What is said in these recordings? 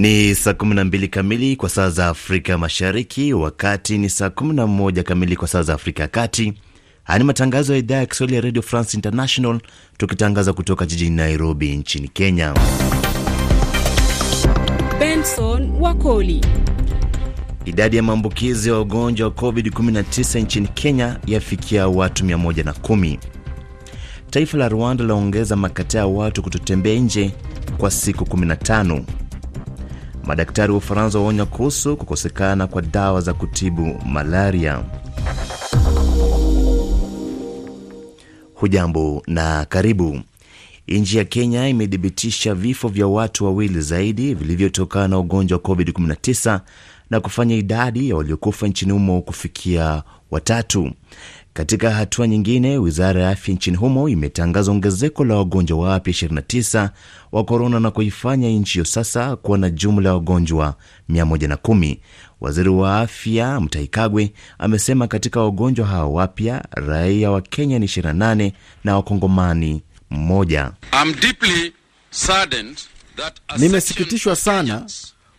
Ni saa 12 kamili kwa saa za Afrika Mashariki, wakati ni saa 11 kamili kwa saa za Afrika ya Kati. Haya ni matangazo ya idhaa ya Kiswahili ya Radio France International, tukitangaza kutoka jijini Nairobi nchini Kenya. Benson Wakoli. Idadi ya maambukizi ya ugonjwa wa COVID-19 nchini Kenya yafikia watu 110. Taifa la Rwanda laongeza makataa ya watu kutotembea nje kwa siku 15. Madaktari wa Ufaransa waonya kuhusu kukosekana kwa dawa za kutibu malaria. Hujambo na karibu. Nchi ya Kenya imethibitisha vifo vya watu wawili zaidi vilivyotokana na ugonjwa wa COVID-19 na kufanya idadi ya waliokufa nchini humo kufikia watatu. Katika hatua nyingine, wizara ya afya nchini humo imetangaza ongezeko la wagonjwa wapya 29 wa korona na kuifanya nchi hiyo sasa kuwa na jumla ya wagonjwa 110. Waziri wa afya Mutahi Kagwe amesema katika wagonjwa hao wapya raia wa Kenya ni 28 na wakongomani mmoja. Nimesikitishwa sana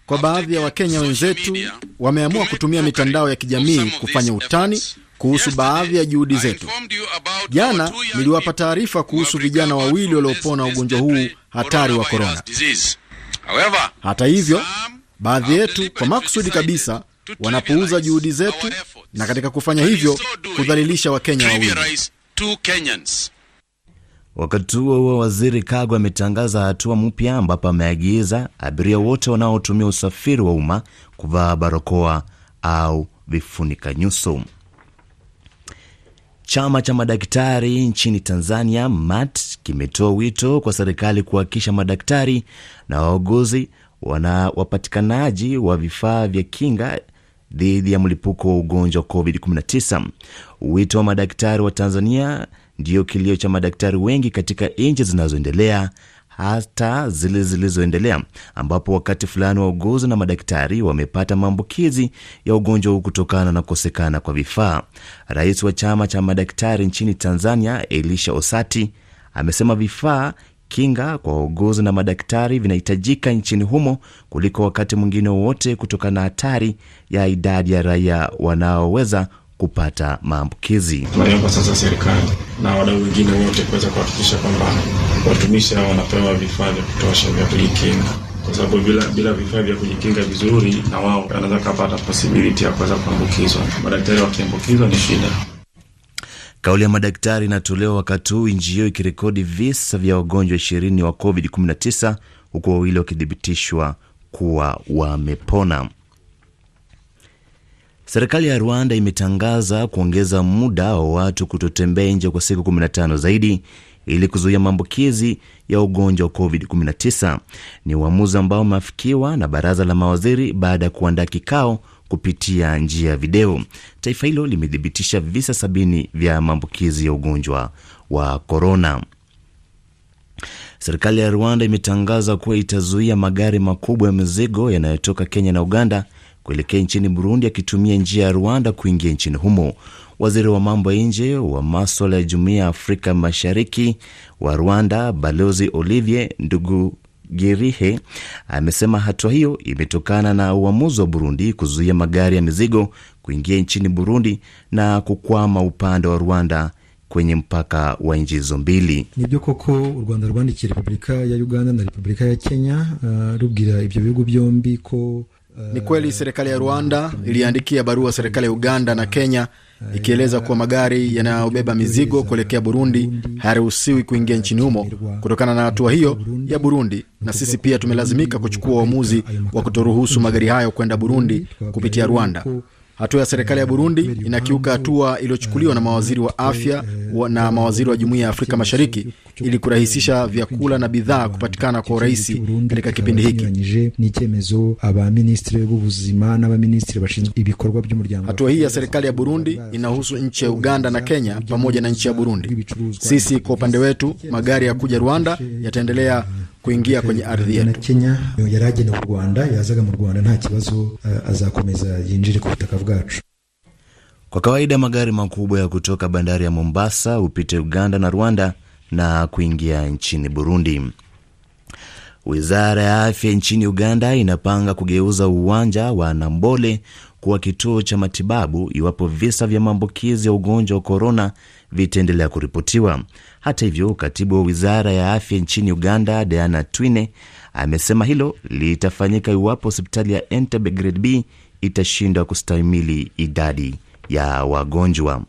kwa baadhi ya Wakenya wenzetu wameamua kutumia mitandao ya kijamii kufanya utani kuhusu baadhi ya juhudi zetu. Jana niliwapa taarifa kuhusu vijana wawili waliopona ugonjwa huu hatari wa korona. Hata hivyo, baadhi yetu kwa makusudi kabisa wanapuuza juhudi zetu na katika kufanya hivyo kudhalilisha Wakenya wawili. Wakati huo huo, waziri Kagwe ametangaza hatua mpya ambapo ameagiza abiria wote wanaotumia usafiri wa umma kuvaa barakoa au vifunika nyuso. Chama cha madaktari nchini Tanzania MAT kimetoa wito kwa serikali kuhakikisha madaktari na wauguzi wana wapatikanaji wa vifaa vya kinga dhidi ya mlipuko wa ugonjwa wa COVID-19. Wito wa madaktari wa Tanzania ndiyo kilio cha madaktari wengi katika nchi zinazoendelea, hata zile zilizoendelea, ambapo wakati fulani wauguzi na madaktari wamepata maambukizi ya ugonjwa huu kutokana na kukosekana kwa vifaa. Rais wa chama cha madaktari nchini Tanzania, Elisha Osati, amesema vifaa kinga kwa wauguzi na madaktari vinahitajika nchini humo kuliko wakati mwingine wowote kutokana na hatari ya idadi ya raia wanaoweza kupata maambukizi. Tunaomba sasa serikali na wadau wengine wote kuweza kuhakikisha kwamba watumishi hao wanapewa vifaa vya kutosha vya kujikinga kwa sababu bila bila vifaa vya kujikinga vizuri, na wao wanaweza kupata posibiliti ya kuweza kuambukizwa. Madaktari wakiambukizwa ni shida. Kauli ya madaktari inatolewa wakati huu nchi hiyo ikirekodi visa vya wagonjwa ishirini wa COVID-19 huku wawili wakithibitishwa kuwa wamepona. Serikali ya Rwanda imetangaza kuongeza muda wa watu kutotembea nje kwa siku 15 zaidi ili kuzuia maambukizi ya ugonjwa wa COVID-19. Ni uamuzi ambao umeafikiwa na baraza la mawaziri baada ya kuandaa kikao kupitia njia ya video. Taifa hilo limethibitisha visa sabini vya maambukizi ya ugonjwa wa korona. Serikali ya Rwanda imetangaza kuwa itazuia magari makubwa ya mizigo yanayotoka Kenya na Uganda kuelekea nchini Burundi akitumia njia ya Rwanda kuingia nchini humo. Waziri wa mambo ya nje wa maswala ya jumuiya ya Afrika Mashariki wa Rwanda, Balozi Olivier Ndugu Girihe amesema hatua hiyo imetokana na uamuzi wa Burundi kuzuia magari ya mizigo kuingia nchini Burundi na kukwama upande wa Rwanda kwenye mpaka wa nchi hizo mbili. Nibyo koko u Rwanda rwandikiye Repubulika ya Uganda na Repubulika ya Kenya uh, rubwira ibyo bihugu byombi ko ni kweli serikali ya Rwanda iliandikia barua serikali ya Uganda na Kenya ikieleza kuwa magari yanayobeba mizigo kuelekea Burundi hayaruhusiwi kuingia nchini humo kutokana na hatua hiyo ya Burundi, na sisi pia tumelazimika kuchukua uamuzi wa kutoruhusu magari hayo kwenda Burundi kupitia Rwanda. Hatua ya serikali ya Burundi inakiuka hatua iliyochukuliwa na mawaziri wa afya na mawaziri wa Jumuiya ya Afrika Mashariki ili kurahisisha vyakula na bidhaa kupatikana kwa urahisi katika kipindi hiki. Hatua hii ya serikali ya Burundi inahusu nchi ya Uganda na Kenya pamoja na nchi ya Burundi. Sisi kwa upande wetu, magari ya kuja Rwanda yataendelea kuingia kwenye ardhi yetu. Kenya yaraje na Rwanda yazaga mu Rwanda nta kibazo, azakomeza yinjire ku butaka bwacu. Kwa kawaida magari makubwa ya kutoka bandari ya Mombasa upite Uganda na Rwanda na kuingia nchini Burundi. Wizara ya afya nchini Uganda inapanga kugeuza uwanja wa Nambole kuwa kituo cha matibabu iwapo visa vya maambukizi ya ugonjwa wa korona vitaendelea kuripotiwa. Hata hivyo, katibu wa wizara ya afya nchini Uganda, Diana Twine, amesema hilo litafanyika iwapo hospitali ya Entebbe Grade B itashindwa kustahimili idadi ya wagonjwa.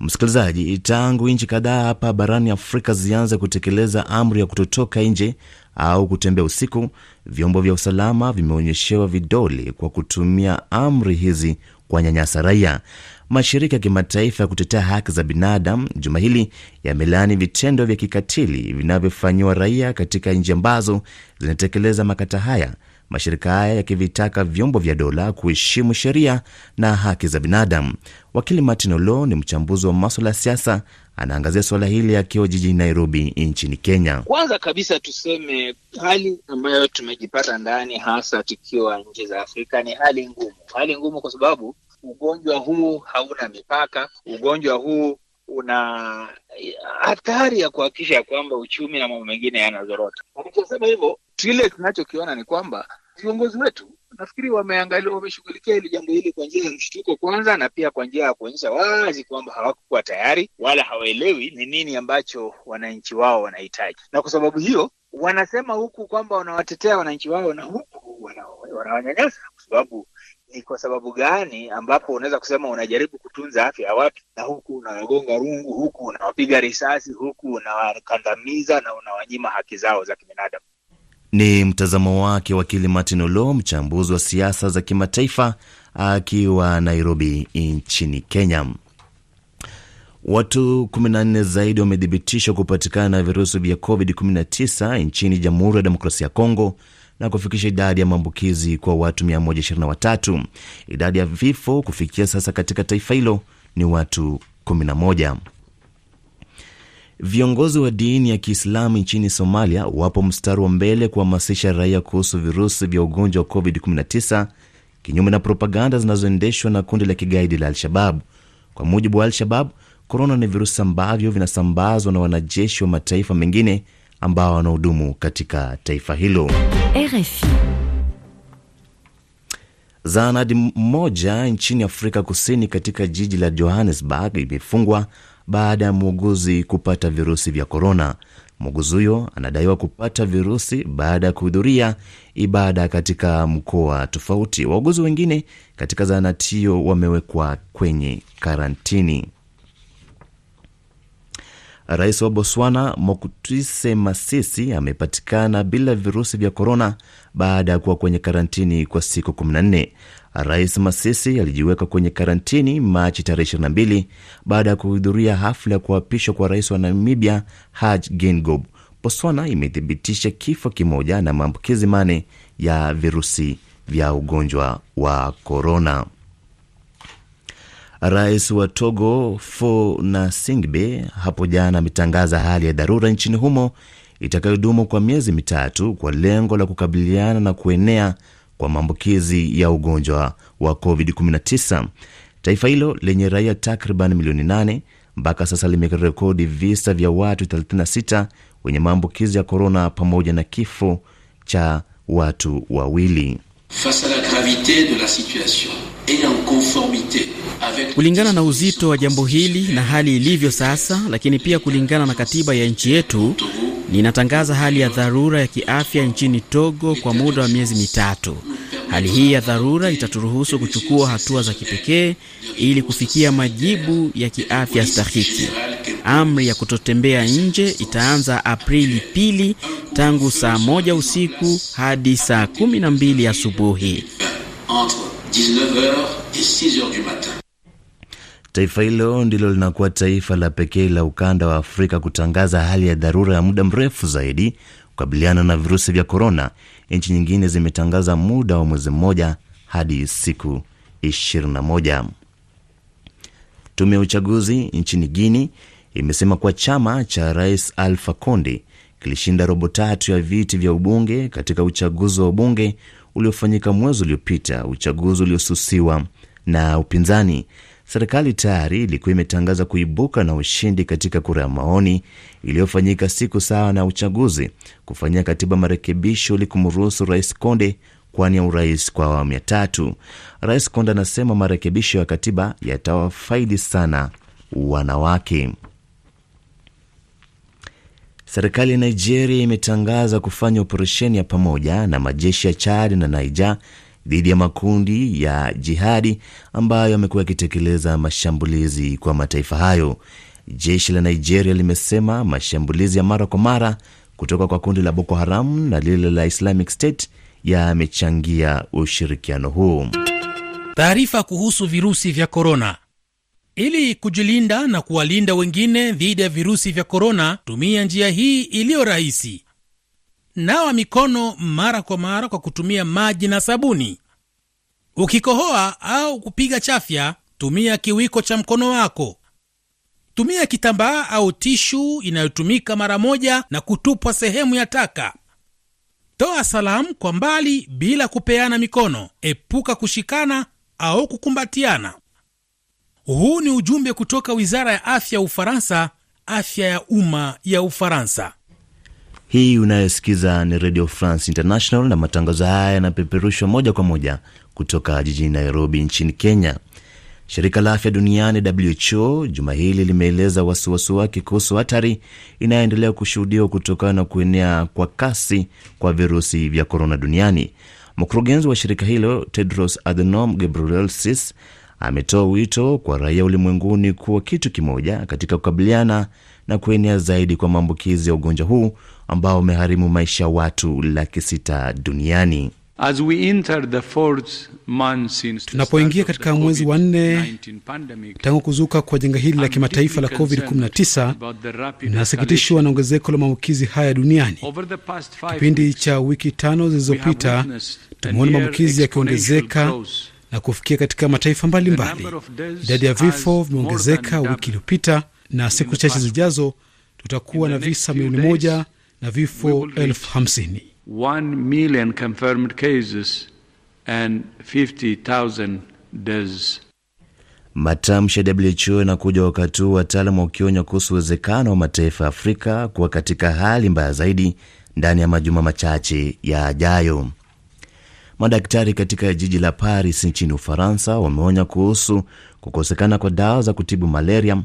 Msikilizaji, tangu nchi kadhaa hapa barani Afrika zianze kutekeleza amri ya kutotoka nje au kutembea usiku, vyombo vya usalama vimeonyeshewa vidole kwa kutumia amri hizi kuwanyanyasa raia. Mashirika ya kimataifa ya kutetea haki za binadamu juma hili yamelaani vitendo vya kikatili vinavyofanyiwa raia katika nchi ambazo zinatekeleza makata haya, mashirika haya yakivitaka vyombo vya dola kuheshimu sheria na haki za binadamu. Wakili Martin Olo ni mchambuzi wa maswala ya siasa, anaangazia suala hili akiwa jijini Nairobi nchini Kenya. Kwanza kabisa tuseme hali ambayo tumejipata ndani, hasa tukiwa nchi za Afrika, ni hali ngumu. Hali ngumu kwa sababu ugonjwa huu hauna mipaka. Ugonjwa huu una hatari ya kuhakikisha kwamba uchumi na mambo mengine yanazorota. Alichosema hivyo, kile tunachokiona ni kwamba viongozi wetu nafikiri wameangalia, wameshughulikia hili jambo hili kwa njia ya mshtuko kwanza, na pia kwa njia ya kuonyesha wazi kwamba hawakuwa tayari wala hawaelewi ni nini ambacho wananchi wao wanahitaji, na kwa sababu hiyo wanasema huku kwamba wanawatetea wananchi wao na huku wanawanyanyasa, kwa sababu ni kwa sababu gani ambapo unaweza kusema unajaribu kutunza afya ya watu na huku unawagonga rungu, huku unawapiga risasi, huku unawakandamiza na unawanyima haki zao za kibinadamu. Ni mtazamo wake wakili Martin Olo, mchambuzi wa siasa za kimataifa akiwa Nairobi nchini Kenya. Watu 14 zaidi wamethibitishwa kupatikana na virusi vya COVID-19 nchini Jamhuri ya Demokrasia ya Kongo na kufikisha idadi ya maambukizi kwa watu 123. Idadi ya vifo kufikia sasa katika taifa hilo ni watu 11. Viongozi wa dini ya Kiislamu nchini Somalia wapo mstari wa mbele kuhamasisha raia kuhusu virusi vya ugonjwa wa COVID-19, kinyume na propaganda zinazoendeshwa na kundi la kigaidi la Al-Shabab. Kwa mujibu wa Al-Shabab, korona ni virusi ambavyo vinasambazwa na wanajeshi wa mataifa mengine ambao wanahudumu katika taifa hilo. RFI. Zahanati mmoja nchini Afrika Kusini katika jiji la Johannesburg imefungwa baada ya muuguzi kupata virusi vya korona. Muuguzi huyo anadaiwa kupata virusi baada ya kuhudhuria ibada katika mkoa tofauti. Wauguzi wengine katika zahanati hiyo wamewekwa kwenye karantini. Rais wa Botswana Mokutise Masisi amepatikana bila virusi vya korona baada ya kuwa kwenye karantini kwa siku 14. Rais Masisi alijiweka kwenye karantini Machi tarehe 22 baada ya kuhudhuria hafla ya kuapishwa kwa rais wa Namibia Hage Geingob. Botswana imethibitisha kifo kimoja na maambukizi mane ya virusi vya ugonjwa wa korona. Rais wa Togo Faure Singbe hapo jana ametangaza hali ya dharura nchini humo itakayodumu kwa miezi mitatu kwa lengo la kukabiliana na kuenea kwa maambukizi ya ugonjwa wa COVID-19. Taifa hilo lenye raia takriban milioni 8 mpaka sasa limerekodi visa vya watu 36 wenye maambukizi ya korona pamoja na kifo cha watu wawili. Face a la gravite de la situation Kulingana na uzito wa jambo hili na hali ilivyo sasa, lakini pia kulingana na katiba ya nchi yetu, ninatangaza hali ya dharura ya kiafya nchini Togo kwa muda wa miezi mitatu. Hali hii ya dharura itaturuhusu kuchukua hatua za kipekee ili kufikia majibu ya kiafya stahiki. Amri ya kutotembea nje itaanza Aprili pili tangu saa moja usiku hadi saa kumi na mbili asubuhi. 19h et 6h du matin. Taifa hilo ndilo linakuwa taifa la pekee la ukanda wa Afrika kutangaza hali ya dharura ya muda mrefu zaidi kukabiliana na virusi vya korona. Nchi nyingine zimetangaza muda wa mwezi mmoja hadi siku 21. Tume ya uchaguzi nchini Guini imesema kuwa chama cha rais Alfa Conde kilishinda robo tatu ya viti vya ubunge katika uchaguzi wa ubunge uliofanyika mwezi uliopita, uchaguzi uliosusiwa na upinzani. Serikali tayari ilikuwa imetangaza kuibuka na ushindi katika kura ya maoni iliyofanyika siku sawa na uchaguzi kufanyia katiba marekebisho ili kumruhusu Rais Konde kuwania urais kwa awamu ya tatu. Rais Konde anasema marekebisho ya katiba yatawafaidi sana wanawake. Serikali ya Nigeria imetangaza kufanya operesheni ya pamoja na majeshi ya Chad na Niger dhidi ya makundi ya jihadi ambayo yamekuwa yakitekeleza mashambulizi kwa mataifa hayo. Jeshi la Nigeria limesema mashambulizi ya mara kwa mara kutoka kwa kundi la Boko Haram na lile la Islamic State yamechangia ushirikiano huu. Taarifa kuhusu virusi vya korona ili kujilinda na kuwalinda wengine dhidi ya virusi vya korona, tumia njia hii iliyo rahisi: nawa mikono mara kwa mara kwa kutumia maji na sabuni. Ukikohoa au kupiga chafya, tumia kiwiko cha mkono wako. Tumia kitambaa au tishu inayotumika mara moja na kutupwa sehemu ya taka. Toa salamu kwa mbali bila kupeana mikono. Epuka kushikana au kukumbatiana huu ni ujumbe kutoka wizara ya afya ya Ufaransa, afya ya umma ya Ufaransa. Hii unayosikiza ni Radio France International, na matangazo haya yanapeperushwa moja kwa moja kutoka jijini Nairobi nchini Kenya. Shirika la afya duniani WHO juma hili limeeleza wasiwasi wake kuhusu hatari inayoendelea kushuhudiwa kutokana na kuenea kwa kasi kwa virusi vya korona duniani. Mkurugenzi wa shirika hilo Tedros Adhanom Ghebreyesus ametoa wito kwa raia ulimwenguni kuwa kitu kimoja katika kukabiliana na kuenea zaidi kwa maambukizi ya ugonjwa huu ambao umeharimu maisha ya watu laki sita duniani. Tunapoingia katika mwezi wa nne tangu kuzuka kwa janga hili la kimataifa la COVID-19, nasikitishwa na ongezeko la maambukizi haya duniani. Kipindi cha wiki tano zilizopita tumeona maambukizi yakiongezeka na kufikia katika mataifa mbalimbali. Idadi ya vifo vimeongezeka wiki iliyopita, na siku chache zijazo tutakuwa na visa milioni moja na vifo elfu hamsini. Matamshi ya WHO yanakuja wakati huu wataalam wakionya kuhusu uwezekano wa mataifa ya Afrika kuwa katika hali mbaya zaidi ndani ya majuma machache yajayo. Madaktari katika jiji la Paris nchini Ufaransa wameonya kuhusu kukosekana kwa dawa za kutibu malaria,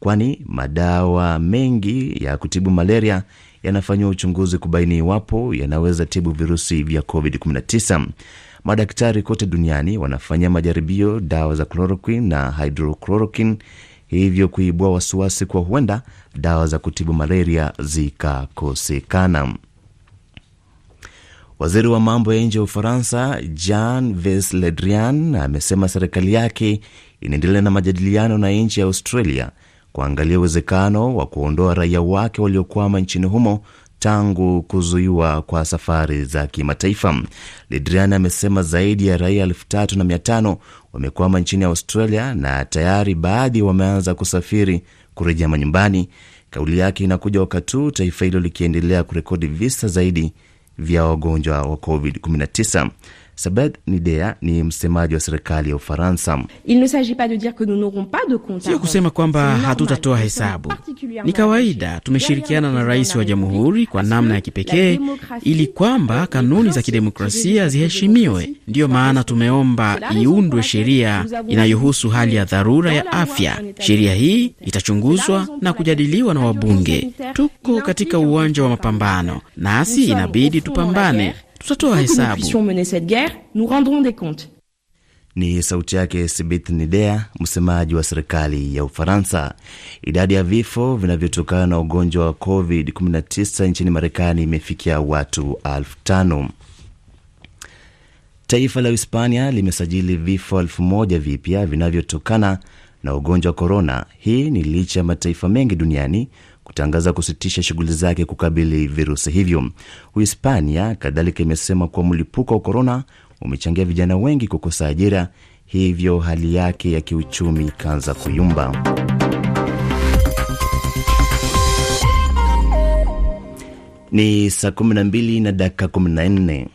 kwani madawa mengi ya kutibu malaria yanafanyiwa uchunguzi kubaini iwapo yanaweza tibu virusi vya COVID-19. Madaktari kote duniani wanafanyia majaribio dawa za chloroquine na hydrochloroquine, hivyo kuibua wasiwasi kwa huenda dawa za kutibu malaria zikakosekana. Waziri wa mambo ya nje ya Ufaransa jean Ves Le Drian amesema serikali yake inaendelea na majadiliano na nchi ya Australia kuangalia uwezekano wa kuondoa raia wake waliokwama nchini humo tangu kuzuiwa kwa safari za kimataifa. Ledrian amesema zaidi ya raia elfu tatu na mia tano wamekwama nchini Australia na tayari baadhi wameanza kusafiri kurejea manyumbani. Kauli yake inakuja wakati huu taifa hilo likiendelea kurekodi visa zaidi vya wagonjwa wa COVID-19. Sabed Nidea ni msemaji wa serikali ya Ufaransa. Sio kusema kwamba hatutatoa hesabu, ni kawaida. Tumeshirikiana na rais wa jamhuri kwa namna ya kipekee ili kwamba kanuni za kidemokrasia ziheshimiwe. Ndiyo maana tumeomba iundwe sheria inayohusu hali ya dharura ya afya. Sheria hii itachunguzwa na kujadiliwa na wabunge. Tuko katika uwanja wa mapambano, nasi inabidi tupambane tutatoa hesabu. Nous puissions mener cette guerre, nous rendrons des comptes. Ni sauti yake Sibith Nidea, msemaji wa serikali ya Ufaransa. Idadi ya vifo vinavyotokana na ugonjwa wa COVID-19 nchini Marekani imefikia watu elfu tano. Taifa la Hispania limesajili vifo elfu moja vipya vinavyotokana na ugonjwa wa korona. Hii ni licha ya mataifa mengi duniani kutangaza kusitisha shughuli zake kukabili virusi hivyo. Uhispania kadhalika imesema kuwa mlipuko wa korona umechangia vijana wengi kukosa ajira, hivyo hali yake ya kiuchumi ikaanza kuyumba. Ni saa 12 na dakika 14.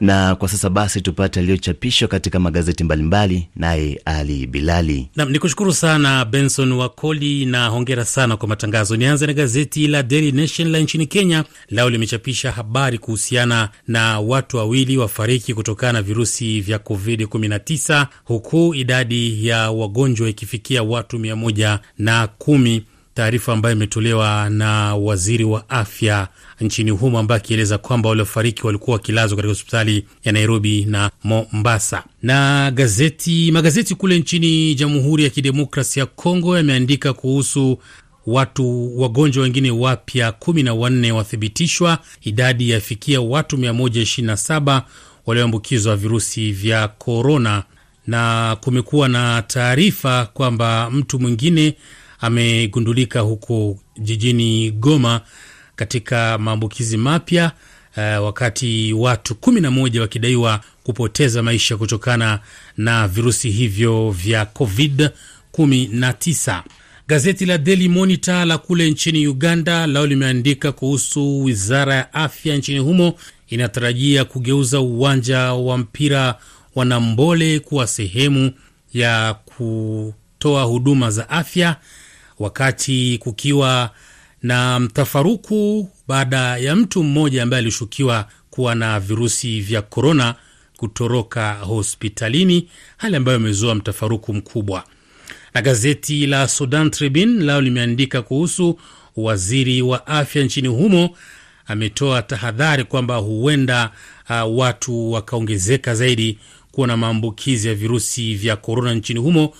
Na kwa sasa basi tupate aliyochapishwa katika magazeti mbalimbali, naye Ali Bilali. Nam ni kushukuru sana Benson Wakoli na hongera sana kwa matangazo. Nianze na gazeti la Daily Nation la nchini Kenya. Lao limechapisha habari kuhusiana na watu wawili wafariki kutokana na virusi vya COVID-19 huku idadi ya wagonjwa ikifikia watu 110 taarifa ambayo imetolewa na waziri wa afya nchini humo, ambaye akieleza kwamba waliofariki walikuwa wakilazwa katika hospitali ya Nairobi na Mombasa. Na gazeti magazeti kule nchini Jamhuri ya Kidemokrasi ya Kongo yameandika kuhusu watu wagonjwa wengine wapya kumi na wanne wathibitishwa, idadi yafikia watu 127 walioambukizwa virusi vya korona, na kumekuwa na taarifa kwamba mtu mwingine amegundulika huko jijini Goma katika maambukizi mapya uh, wakati watu kumi na moja wakidaiwa kupoteza maisha kutokana na virusi hivyo vya Covid 19. Gazeti la Daily Monitor la kule nchini Uganda lao limeandika kuhusu wizara ya afya nchini humo inatarajia kugeuza uwanja wa mpira wa Nambole kuwa sehemu ya kutoa huduma za afya wakati kukiwa na mtafaruku baada ya mtu mmoja ambaye alishukiwa kuwa na virusi vya korona kutoroka hospitalini, hali ambayo imezua mtafaruku mkubwa. Na gazeti la Sudan Tribune lao limeandika kuhusu waziri wa afya nchini humo ametoa tahadhari kwamba huenda uh, watu wakaongezeka zaidi kuwa na maambukizi ya virusi vya korona nchini humo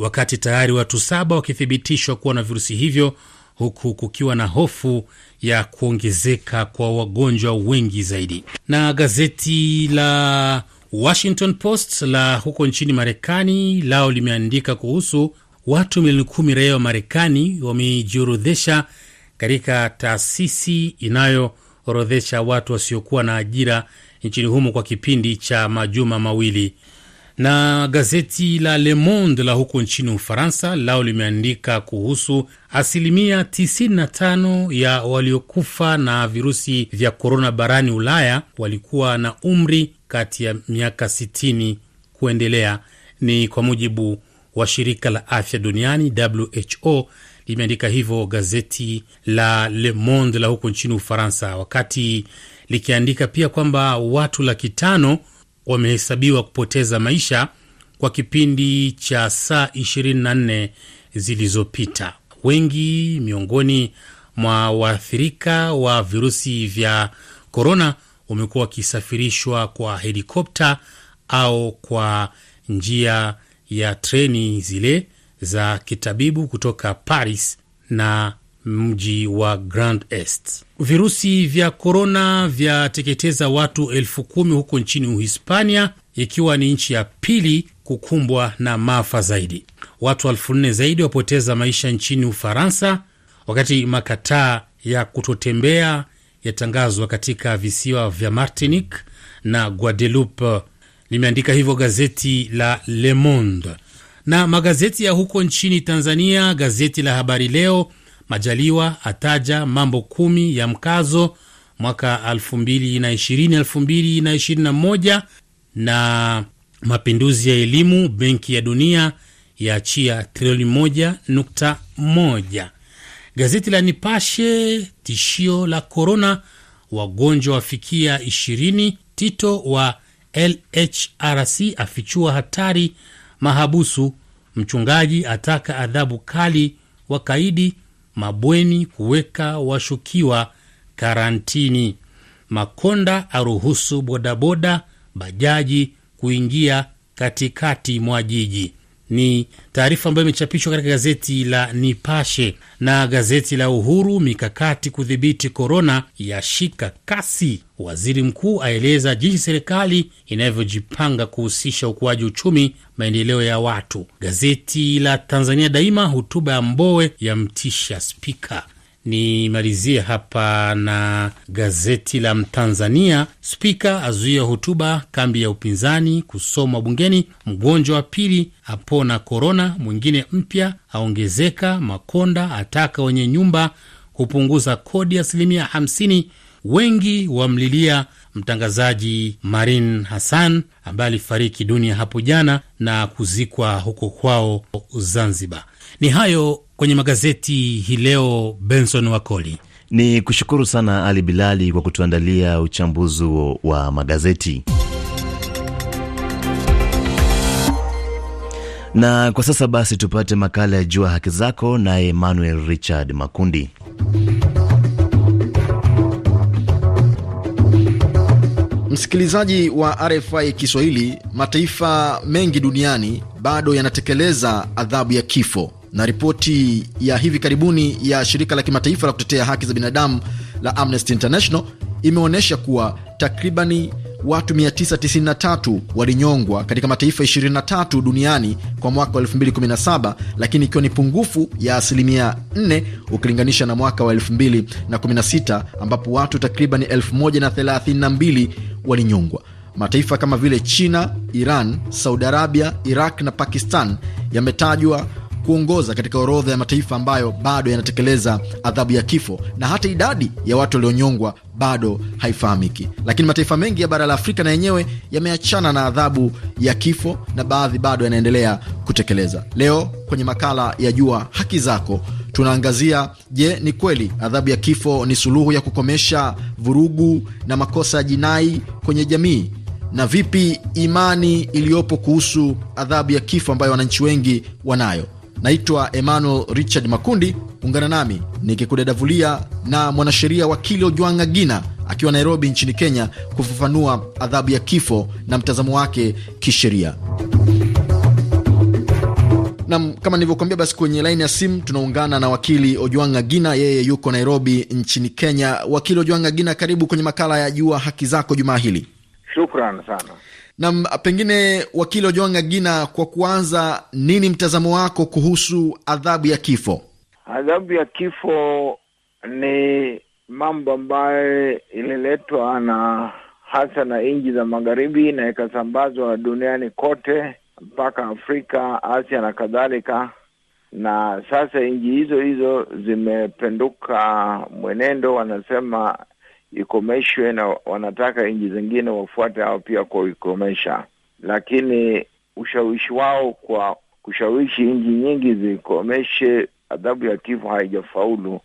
wakati tayari watu saba wakithibitishwa kuwa na virusi hivyo huku kukiwa na hofu ya kuongezeka kwa wagonjwa wengi zaidi. Na gazeti la Washington Post la huko nchini Marekani lao limeandika kuhusu watu milioni kumi raia wa Marekani wamejiorodhesha katika taasisi inayoorodhesha watu wasiokuwa na ajira nchini humo kwa kipindi cha majuma mawili. Na gazeti la Le Monde la huko nchini Ufaransa lao limeandika kuhusu asilimia 95 ya waliokufa na virusi vya korona barani Ulaya walikuwa na umri kati ya miaka 60 kuendelea. Ni kwa mujibu wa shirika la afya duniani WHO limeandika hivyo gazeti la Le Monde la huko nchini Ufaransa, wakati likiandika pia kwamba watu laki tano wamehesabiwa kupoteza maisha kwa kipindi cha saa 24 zilizopita. Wengi miongoni mwa waathirika wa virusi vya korona wamekuwa wakisafirishwa kwa helikopta au kwa njia ya treni zile za kitabibu kutoka Paris na mji wa Grand Est. Virusi vya korona vyateketeza watu elfu kumi huko nchini Uhispania, ikiwa ni nchi ya pili kukumbwa na maafa zaidi. Watu elfu nne zaidi wapoteza maisha nchini Ufaransa, wakati makataa ya kutotembea yatangazwa katika visiwa vya Martinique na Guadeloupe. Limeandika hivyo gazeti la Le Monde. Na magazeti ya huko nchini Tanzania, gazeti la Habari Leo Majaliwa ataja mambo kumi ya mkazo mwaka 2020 2021 na mapinduzi ya elimu. Benki ya Dunia yaachia trilioni 1.1. Gazeti la Nipashe, tishio la korona, wagonjwa wafikia 20. Tito wa LHRC afichua hatari mahabusu. Mchungaji ataka adhabu kali wakaidi mabweni kuweka washukiwa karantini. Makonda aruhusu bodaboda, bajaji kuingia katikati mwa jiji. Ni taarifa ambayo imechapishwa katika gazeti la Nipashe na gazeti la Uhuru. Mikakati kudhibiti korona yashika kasi, waziri mkuu aeleza jinsi serikali inavyojipanga kuhusisha ukuaji uchumi, maendeleo ya watu. Gazeti la Tanzania Daima, hotuba ya Mbowe mtisha spika Nimalizie hapa na gazeti la Mtanzania. Spika azuia hotuba kambi ya upinzani kusomwa bungeni. Mgonjwa wa pili apona korona, mwingine mpya aongezeka. Makonda ataka wenye nyumba kupunguza kodi asilimia 50. Wengi wamlilia mtangazaji Marin Hassan ambaye alifariki dunia hapo jana na kuzikwa huko kwao Zanzibar. Ni hayo kwenye magazeti hii leo. Benson Wakoli, ni kushukuru sana Ali Bilali kwa kutuandalia uchambuzi wa magazeti. Na kwa sasa basi tupate makala ya Jua Haki Zako, naye Emmanuel Richard Makundi. Msikilizaji wa RFI Kiswahili, mataifa mengi duniani bado yanatekeleza adhabu ya kifo na ripoti ya hivi karibuni ya shirika la kimataifa la kutetea haki za binadamu la Amnesty International imeonyesha kuwa takribani watu 993 walinyongwa katika mataifa 23 duniani kwa mwaka wa 2017, lakini ikiwa ni pungufu ya asilimia 4 ukilinganisha na mwaka wa 2016 ambapo watu takribani 1032 walinyongwa. Mataifa kama vile China, Iran, Saudi Arabia, Iraq na Pakistan yametajwa kuongoza katika orodha ya mataifa ambayo bado yanatekeleza adhabu ya kifo, na hata idadi ya watu walionyongwa bado haifahamiki. Lakini mataifa mengi ya bara la Afrika na yenyewe yameachana na adhabu ya kifo na baadhi bado yanaendelea kutekeleza. Leo kwenye makala ya Jua Haki Zako tunaangazia, je, ni kweli adhabu ya kifo ni suluhu ya kukomesha vurugu na makosa ya jinai kwenye jamii? Na vipi imani iliyopo kuhusu adhabu ya kifo ambayo wananchi wengi wanayo? Naitwa Emmanuel Richard Makundi. Ungana nami nikikudadavulia na mwanasheria wakili Ojwanga Gina akiwa Nairobi nchini Kenya kufafanua adhabu ya kifo na mtazamo wake kisheria. Nam, kama nilivyokuambia, basi kwenye laini ya simu tunaungana na wakili Ojwanga Gina, yeye yuko Nairobi nchini Kenya. Wakili Ojwanga Gina, karibu kwenye makala ya Jua Haki Zako jumaa hili. Shukran sana. Nam, pengine wakili Joanga gina kwa kuanza, nini mtazamo wako kuhusu adhabu ya kifo? Adhabu ya kifo ni mambo ambayo ililetwa na hasa na nchi za magharibi na ikasambazwa duniani kote mpaka Afrika, Asia na kadhalika. Na sasa nchi hizo hizo zimependuka mwenendo, wanasema ikomeshwe, na wanataka nchi zingine wafuate hao pia kuikomesha, lakini ushawishi wao kwa kushawishi nchi nyingi zikomeshe adhabu ya kifo haijafaulu.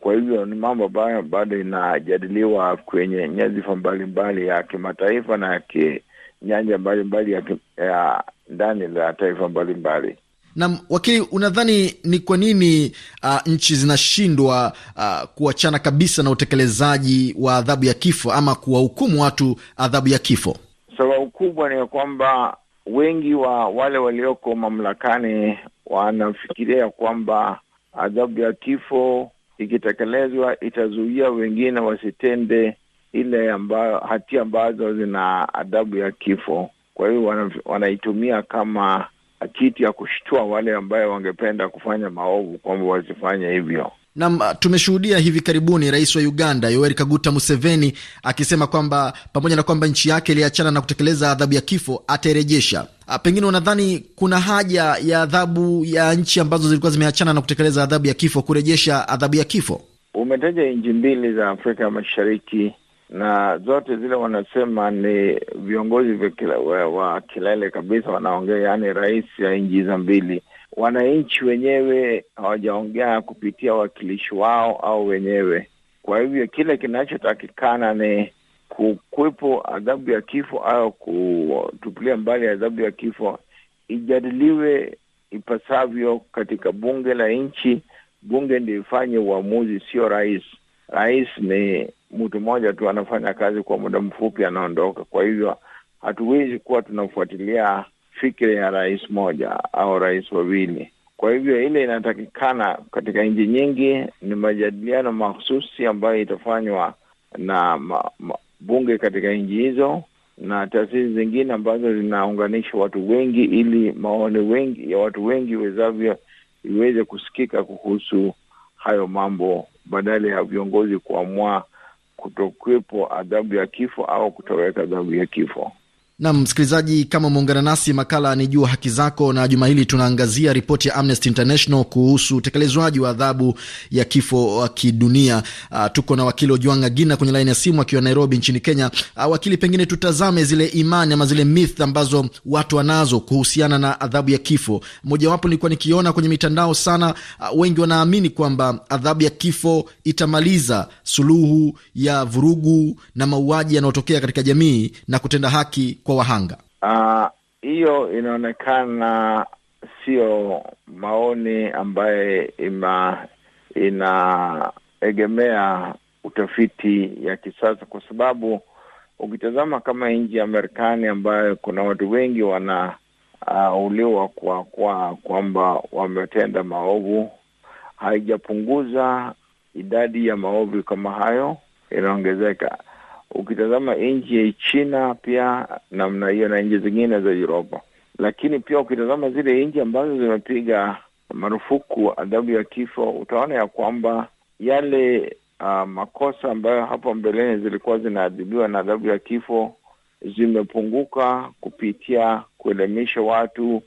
Kwa hivyo ni mambo ambayo bado inajadiliwa kwenye nyadhifa mbalimbali ya kimataifa na ya kinyanja mbalimbali ya, ya ndani la taifa mbalimbali. Na wakili, unadhani ni kwa nini uh, nchi zinashindwa uh, kuachana kabisa na utekelezaji wa adhabu ya kifo ama kuwahukumu watu adhabu ya kifo? Sababu kubwa ni ya kwamba wengi wa wale walioko mamlakani wanafikiria kwamba adhabu ya kifo ikitekelezwa itazuia wengine wasitende ile ambayo hatia ambazo zina adhabu ya kifo. Kwa hiyo wanaitumia kama akiti ya kushtua wale ambayo wangependa kufanya maovu kwamba wasifanye hivyo. Nam, ah, tumeshuhudia hivi karibuni rais wa Uganda Yoweri Kaguta Museveni akisema kwamba pamoja na kwamba nchi yake iliachana na kutekeleza adhabu ya kifo atairejesha. Ah, pengine unadhani kuna haja ya adhabu ya nchi ambazo zilikuwa zimeachana na kutekeleza adhabu ya kifo kurejesha adhabu ya kifo? Umetaja nchi mbili za Afrika Mashariki na zote zile wanasema ni viongozi kila, wa, wa kilele kabisa wanaongea, yaani rais ya nchi hizo mbili. Wananchi wenyewe hawajaongea kupitia wakilishi wao au wenyewe. Kwa hivyo kile kinachotakikana ni kukwepo adhabu ya kifo au kutupilia mbali adhabu ya kifo, ijadiliwe ipasavyo katika bunge la nchi. Bunge ndio ifanye uamuzi, sio rais rais ni mtu mmoja tu anafanya kazi kwa muda mfupi, anaondoka. Kwa hivyo hatuwezi kuwa tunafuatilia fikira ya rais moja au rais wawili. Kwa hivyo ile inatakikana katika nchi nyingi ni majadiliano mahususi ambayo itafanywa na ma, ma, bunge katika nchi hizo na taasisi zingine ambazo zinaunganisha watu wengi, ili maoni wengi ya watu wengi wezavyo iweze kusikika kuhusu hayo mambo badala ya viongozi kuamua kutokuwepo adhabu ya kifo au kutoweka adhabu ya kifo. Na msikilizaji, kama umeungana nasi, makala ni Jua Haki Zako, na juma hili tunaangazia ripoti ya Amnesty International kuhusu utekelezwaji wa adhabu ya kifo kidunia. Uh, tuko na wakili Ojuanga Gina kwenye laini ya simu akiwa Nairobi nchini Kenya. Uh, wakili, pengine tutazame zile imani ama zile myth ambazo watu wanazo kuhusiana na adhabu ya kifo. Mojawapo nilikuwa nikiona kwenye mitandao sana, uh, wengi wanaamini kwamba adhabu ya kifo itamaliza suluhu ya vurugu na mauaji yanayotokea katika jamii na kutenda haki kwa wahanga? Ah, hiyo uh, inaonekana sio maoni ambaye ima, inaegemea utafiti ya kisasa, kwa sababu ukitazama kama nchi ya Marekani ambayo kuna watu wengi wanauliwa ah, uh, kwa kwa kwamba wametenda maovu, haijapunguza idadi ya maovu kama hayo, inaongezeka. Ukitazama nchi ya China pia namna hiyo na nchi zingine za Uropa, lakini pia ukitazama zile nchi ambazo zimepiga marufuku adhabu ya kifo, utaona ya kwamba yale uh, makosa ambayo hapo mbeleni zilikuwa zinaadhibiwa na adhabu ya kifo zimepunguka kupitia kuelemisha watu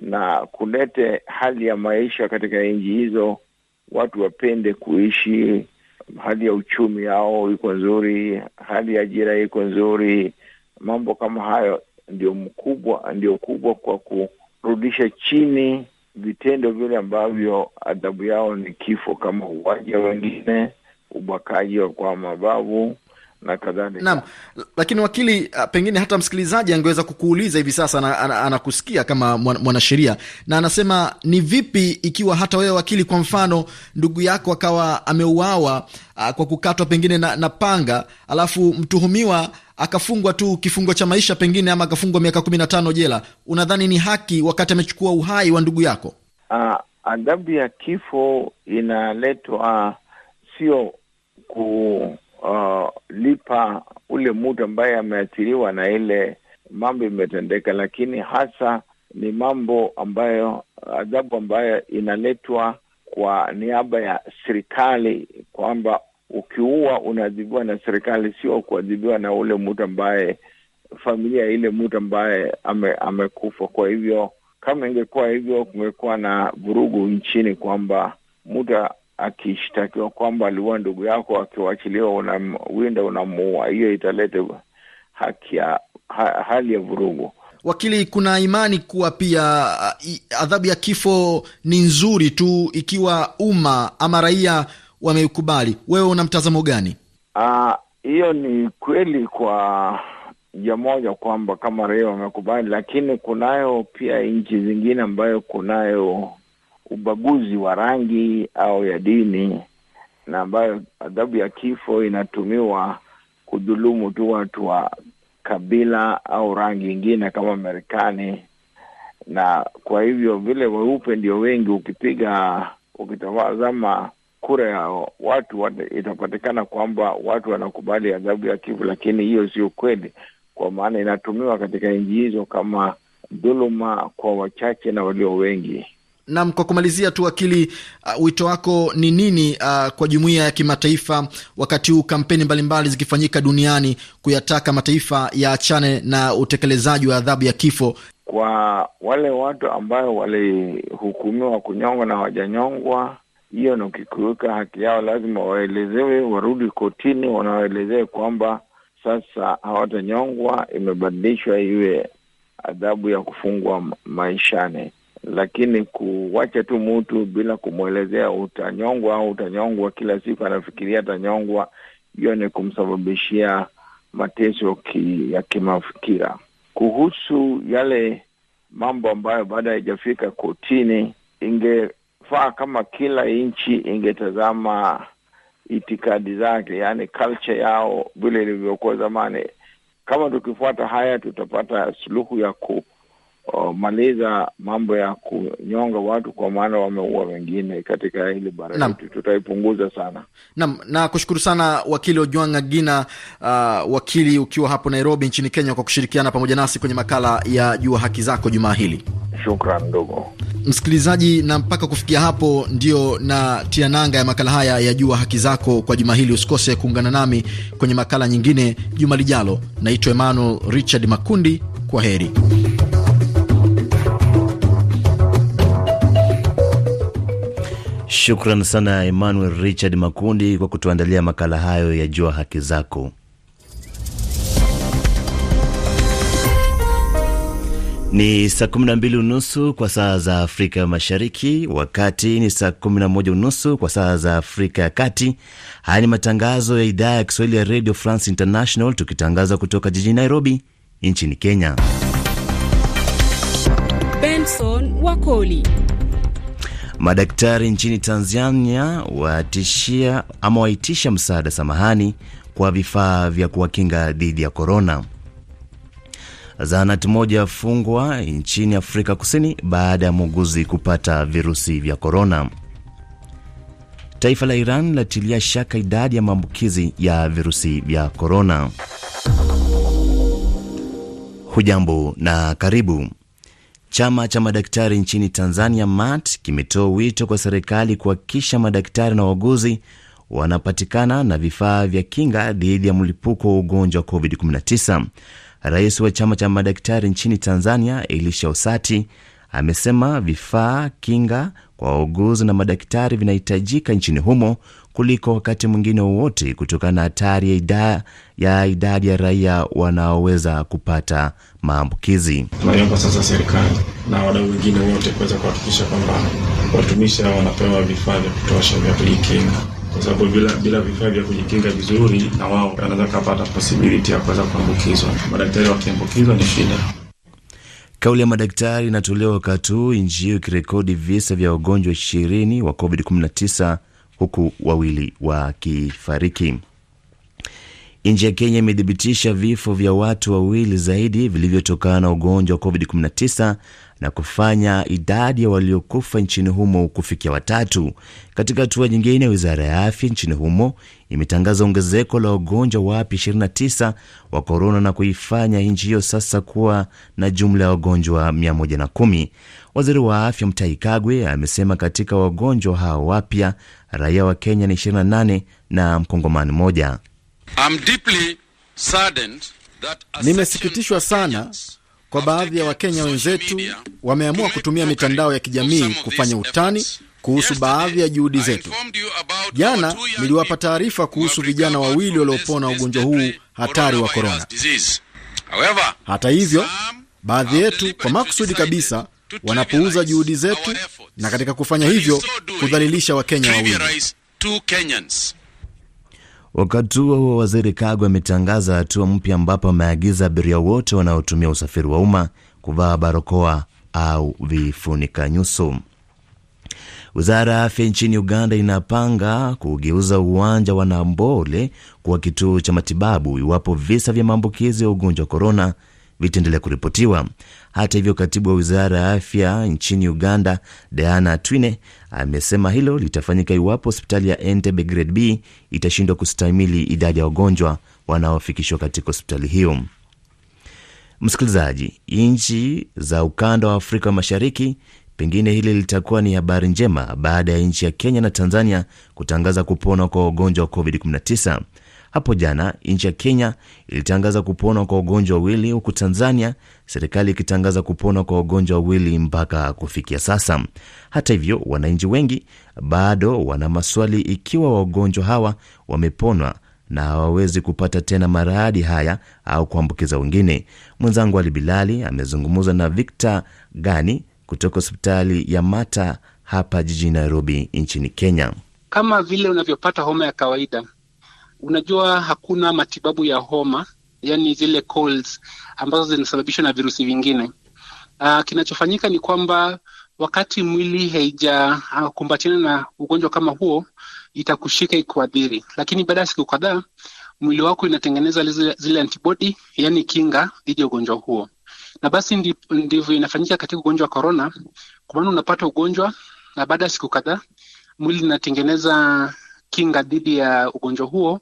na kulete hali ya maisha katika nchi hizo, watu wapende kuishi hali ya uchumi yao iko nzuri, hali ya ajira iko nzuri. Mambo kama hayo ndio mkubwa, ndio kubwa kwa kurudisha chini vitendo vile ambavyo adhabu yao ni kifo, kama uwaja wengine, ubakaji wa kwa mabavu na kadhalika. Naam, lakini wakili, ah, pengine hata msikilizaji angeweza kukuuliza hivi sasa, anakusikia kama mwanasheria na anasema ni vipi ikiwa hata wewe wakili, kwa mfano ndugu yako akawa ameuawa ah, kwa kukatwa pengine na, na panga, alafu mtuhumiwa akafungwa tu kifungo cha maisha pengine ama akafungwa miaka kumi na tano jela, unadhani ni haki wakati amechukua uhai wa ndugu yako? Uh, adhabu ya kifo inaletwa sio ku uh, lipa ule mtu ambaye ameathiriwa na ile mambo imetendeka, lakini hasa ni mambo ambayo adhabu ambayo inaletwa kwa niaba ya serikali kwamba ukiua unaadhibiwa na serikali, sio kuadhibiwa na ule mtu ambaye familia ya ile mtu ambaye ame, amekufa. Kwa hivyo kama ingekuwa hivyo, kungekuwa na vurugu nchini kwamba mtu akishtakiwa kwamba aliua ndugu yako, akiwachiliwa unamwinda, unamuua, hiyo italeta haki ya ha, hali ya vurugu. Wakili, kuna imani kuwa pia uh, adhabu ya kifo ni nzuri tu ikiwa umma ama raia wameikubali. Wewe una mtazamo gani? Ah, hiyo ni kweli kwa njia moja kwamba kama raia wamekubali, lakini kunayo pia nchi zingine ambayo kunayo ubaguzi wa rangi au ya dini, na ambayo adhabu ya kifo inatumiwa kudhulumu tu watu wa kabila au rangi ingine kama Marekani. Na kwa hivyo vile weupe ndio wengi, ukipiga ukitazama kura ya watu itapatikana kwamba watu wanakubali adhabu ya kifo, lakini hiyo sio kweli, kwa maana inatumiwa katika nchi hizo kama dhuluma kwa wachache na walio wengi. Nam, kwa kumalizia tu wakili, uh, wito wako ni nini uh, kwa jumuiya ya kimataifa wakati huu kampeni mbalimbali zikifanyika duniani kuyataka mataifa yaachane na utekelezaji wa adhabu ya kifo kwa wale watu ambayo walihukumiwa kunyongwa na hawajanyongwa? Hiyo ni ukikiuka haki yao, lazima waelezewe, warudi kotini, wanaoelezee kwamba sasa hawatanyongwa, imebadilishwa iwe adhabu ya kufungwa maishani lakini kuwacha tu mtu bila kumwelezea utanyongwa au utanyongwa, kila siku anafikiria atanyongwa, hiyo ni kumsababishia mateso ki, ya kimafikira. Kuhusu yale mambo ambayo baada haijafika kotini, ingefaa kama kila nchi ingetazama itikadi zake, yaani culture yao vile ilivyokuwa zamani. Kama tukifuata haya tutapata suluhu ya ku maliza mambo ya kunyonga watu kwa maana wameua wengine katika hili bara letu, tutaipunguza sana. Naam, na kushukuru sana wakili Ojwanga Gina, uh, wakili ukiwa hapo Nairobi nchini Kenya, kwa kushirikiana pamoja nasi kwenye makala ya Jua Haki Zako jumaa hili. Shukran ndugu msikilizaji, na mpaka kufikia hapo ndio na tia nanga ya makala haya ya Jua Haki Zako kwa juma hili. Usikose kuungana nami kwenye makala nyingine juma lijalo. Naitwa Emmanuel Richard Makundi, kwa heri. Shukran sana Emmanuel Richard Makundi kwa kutuandalia makala hayo ya Jua Haki Zako. Ni saa 12 unusu kwa saa za Afrika Mashariki, wakati ni saa 11 unusu kwa saa za Afrika ya Kati. Haya ni matangazo ya idhaa ya Kiswahili ya Radio France International, tukitangaza kutoka jijini Nairobi nchini Kenya. Benson Wakoli Madaktari nchini Tanzania watishia ama waitisha msaada samahani kwa vifaa vya kuwakinga dhidi ya korona. Zahanati moja yafungwa nchini Afrika Kusini baada ya muuguzi kupata virusi vya korona. Taifa la Iran latilia shaka idadi ya maambukizi ya virusi vya korona. Hujambo na karibu. Chama cha madaktari nchini Tanzania, MAT, kimetoa wito kwa serikali kuhakikisha madaktari na wauguzi wanapatikana na vifaa vya kinga dhidi ya mlipuko wa ugonjwa wa COVID-19. Rais wa chama cha madaktari nchini Tanzania, Elisha Osati, amesema vifaa kinga kwa wauguzi na madaktari vinahitajika nchini humo kuliko wakati mwingine wowote kutokana na hatari ya idadi ya raia wanaoweza kupata maambukizi. Tunaiomba sasa serikali na wadau wengine wote kuweza kuhakikisha kwamba watumishi hao wanapewa vifaa vya kutosha vya kujikinga kwa sababu bila, bila vifaa vya kujikinga vizuri, na wao wanaweza kupata posibiliti ya kuweza kuambukizwa. Madaktari wakiambukizwa ni shida. Kauli ya madaktari inatolewa wakati huu nchi hiyo ikirekodi visa vya wagonjwa ishirini wa COVID-19 huku wawili wakifariki. Nchi ya Kenya imethibitisha vifo vya watu wawili zaidi vilivyotokana na ugonjwa wa COVID-19 na kufanya idadi ya waliokufa nchini humo kufikia watatu. Katika hatua nyingine, wizara ya afya nchini humo imetangaza ongezeko la wagonjwa wapya 29 wa korona na kuifanya nchi hiyo sasa kuwa na jumla ya wagonjwa 110. Waziri wa afya Mutahi Kagwe amesema katika wagonjwa hao wapya raia wa Kenya ni 28 na mkongomani moja. Nimesikitishwa sana kwa baadhi ya Wakenya wenzetu wameamua kutumia mitandao ya kijamii kufanya utani kuhusu baadhi ya juhudi zetu. Jana niliwapa taarifa kuhusu vijana wawili waliopona ugonjwa huu hatari wa korona. Hata hivyo, baadhi yetu kwa makusudi kabisa Wanapuuza juhudi zetu na katika kufanya hivyo kudhalilisha Wakenya wawili. Wakati huo huo, waziri Kagwe ametangaza hatua mpya ambapo ameagiza abiria wote wanaotumia usafiri wa umma kuvaa barakoa au vifunika nyuso. Wizara ya afya nchini Uganda inapanga kugeuza uwanja wa Nambole kuwa kituo cha matibabu iwapo visa vya maambukizi ya ugonjwa wa korona vitaendelea kuripotiwa. Hata hivyo, katibu wa wizara ya afya nchini Uganda, Diana Twine, amesema hilo litafanyika iwapo hospitali ya Entebbe Grade B itashindwa kustahimili idadi ya wagonjwa wanaofikishwa katika hospitali hiyo. Msikilizaji, nchi za ukanda wa Afrika Mashariki, pengine hili litakuwa ni habari njema baada ya nchi ya Kenya na Tanzania kutangaza kupona kwa wagonjwa wa COVID-19. Hapo jana nchi ya Kenya ilitangaza kupona kwa wagonjwa wawili, huku Tanzania serikali ikitangaza kupona kwa wagonjwa wawili mpaka kufikia sasa. Hata hivyo, wananchi wengi bado wana maswali ikiwa wagonjwa hawa wameponwa na hawawezi kupata tena maradhi haya au kuambukiza wengine. Mwenzangu Ali Bilali amezungumza na Victor Gani kutoka hospitali ya Mata hapa jijini Nairobi nchini Kenya. Kama vile unavyopata homa ya kawaida Unajua, hakuna matibabu ya homa, yani zile colds ambazo zinasababishwa na virusi vingine. Uh, kinachofanyika ni kwamba wakati mwili haijakumbatiana ah, uh, na ugonjwa kama huo, itakushika ikuadhiri, lakini baada ya siku kadhaa mwili wako inatengeneza zile antibody, yani kinga dhidi ya ugonjwa huo, na basi ndivyo inafanyika katika ugonjwa wa korona, kwa maana unapata ugonjwa na baada ya siku kadhaa mwili inatengeneza kinga dhidi ya ugonjwa huo,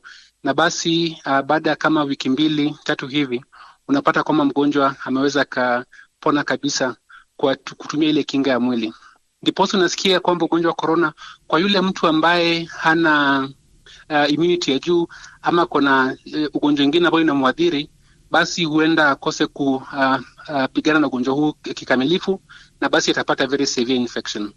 na basi uh, baada ya kama wiki mbili tatu hivi unapata kwamba mgonjwa ameweza kapona kabisa kwa kutumia ile kinga ya mwili. Ndiposa unasikia kwamba ugonjwa wa korona kwa yule mtu ambaye hana uh, immunity ya juu ama kuna uh, eh, ugonjwa wengine ambao inamwadhiri, basi huenda akose kupigana ah, uh, uh, na ugonjwa huu kikamilifu, na basi atapata very severe infection.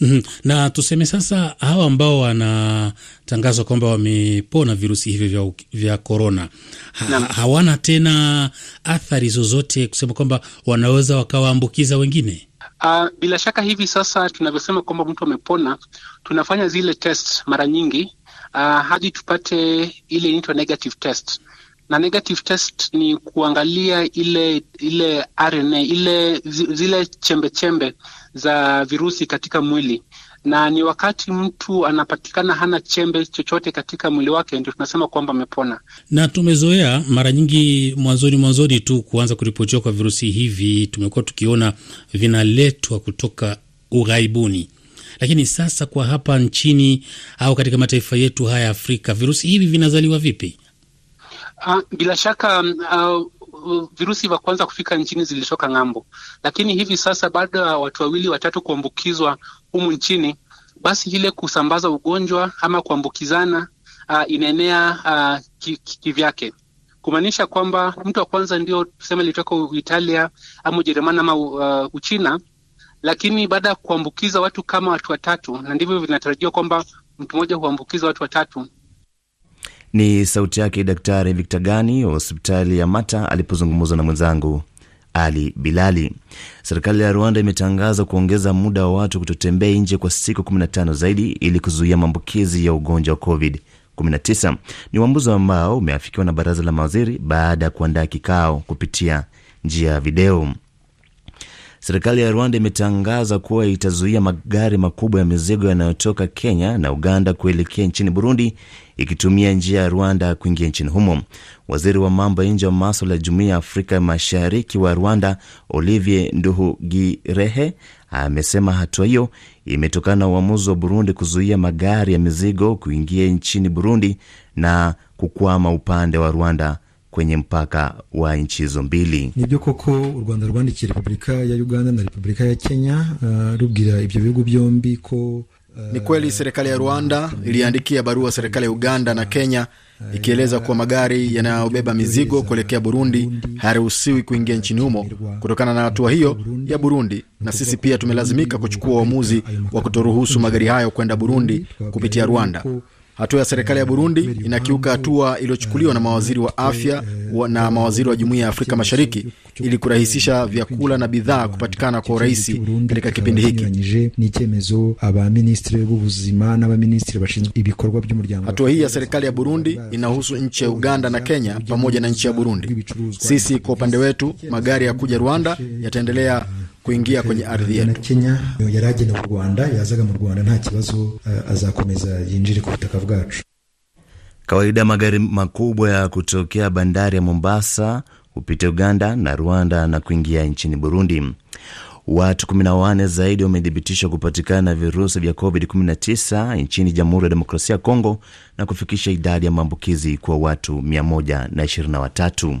Mm-hmm. Na tuseme sasa hawa ambao wanatangazwa kwamba wamepona virusi hivyo vya, vya korona ha, hawana tena athari zozote kusema kwamba wanaweza wakawaambukiza wengine. Uh, bila shaka hivi sasa tunavyosema kwamba mtu amepona, tunafanya zile test mara nyingi uh, hadi tupate ile inaitwa negative test na negative test ni kuangalia ile ile RNA ile zile chembe chembe za virusi katika mwili, na ni wakati mtu anapatikana hana chembe chochote katika mwili wake, ndio tunasema kwamba amepona. Na tumezoea mara nyingi mwanzoni mwanzoni tu kuanza kuripotiwa kwa virusi hivi, tumekuwa tukiona vinaletwa kutoka ughaibuni lakini sasa kwa hapa nchini au katika mataifa yetu haya Afrika, virusi hivi vinazaliwa vipi? Uh, bila shaka uh, Uh, virusi vya kwanza kufika nchini zilitoka ng'ambo, lakini hivi sasa baada ya watu wawili watatu kuambukizwa humu nchini, basi ile kusambaza ugonjwa ama kuambukizana uh, inaenea uh, kivyake ki, ki kumaanisha kwamba mtu wa kwanza ndio tuseme alitoka Italia ama Ujerumani ama uh, Uchina, lakini baada ya kuambukiza watu kama watu watatu, na ndivyo vinatarajiwa kwamba mtu mmoja huambukiza watu watatu ni sauti yake Daktari Victor Gani wa hospitali ya Mata alipozungumza na mwenzangu Ali Bilali. Serikali ya Rwanda imetangaza kuongeza muda wa watu kutotembea nje kwa siku 15 zaidi ili kuzuia maambukizi ya ugonjwa wa COVID 19. Ni uamuzi ambao umeafikiwa na baraza la mawaziri baada ya kuandaa kikao kupitia njia ya video. Serikali ya Rwanda imetangaza kuwa itazuia magari makubwa ya mizigo yanayotoka Kenya na Uganda kuelekea nchini Burundi ikitumia njia ya Rwanda kuingia nchini humo. Waziri wa mambo ya nje wa maswala ya Jumuiya ya Afrika Mashariki wa Rwanda, Olivier Nduhugirehe, amesema hatua hiyo imetokana na uamuzi wa Burundi kuzuia magari ya mizigo kuingia nchini Burundi na kukwama upande wa Rwanda kwenye mpaka wa nchi hizo mbili. Nibyo koko u Rwanda rwandikiye Repubulika ya Uganda na Repubulika ya Kenya uh, rubwira ibyo bihugu byombi ko uh, ni kweli serikali ya Rwanda iliandikia barua serikali ya Uganda na Kenya uh, ikieleza kuwa magari yanayobeba mizigo kuelekea Burundi hayaruhusiwi kuingia nchini humo kutokana na hatua hiyo ya Burundi, na sisi pia tumelazimika kuchukua uamuzi wa kutoruhusu magari hayo kwenda Burundi kupitia Rwanda. Hatua ya serikali ya Burundi inakiuka hatua iliyochukuliwa na mawaziri wa afya na mawaziri wa Jumuiya ya Afrika Mashariki ili kurahisisha vyakula na bidhaa kupatikana kwa urahisi katika kipindi hiki. Hatua hii ya serikali ya Burundi inahusu nchi ya Uganda na Kenya pamoja na nchi ya Burundi. Sisi kwa upande wetu, magari ya kuja Rwanda yataendelea kuingia kwenye ardhi yetu. Kenya yaraje na Rwanda, yazaga mu Rwanda nta kibazo, eh, azakomeza yinjire ku butaka bwacu. Kawaida magari makubwa ya kutokea bandari ya Mombasa hupitia Uganda na Rwanda na kuingia nchini Burundi. Watu 14 zaidi wamethibitishwa kupatikana na virusi vya COVID-19 nchini Jamhuri ya Demokrasia ya Kongo na kufikisha idadi ya maambukizi kwa watu 123.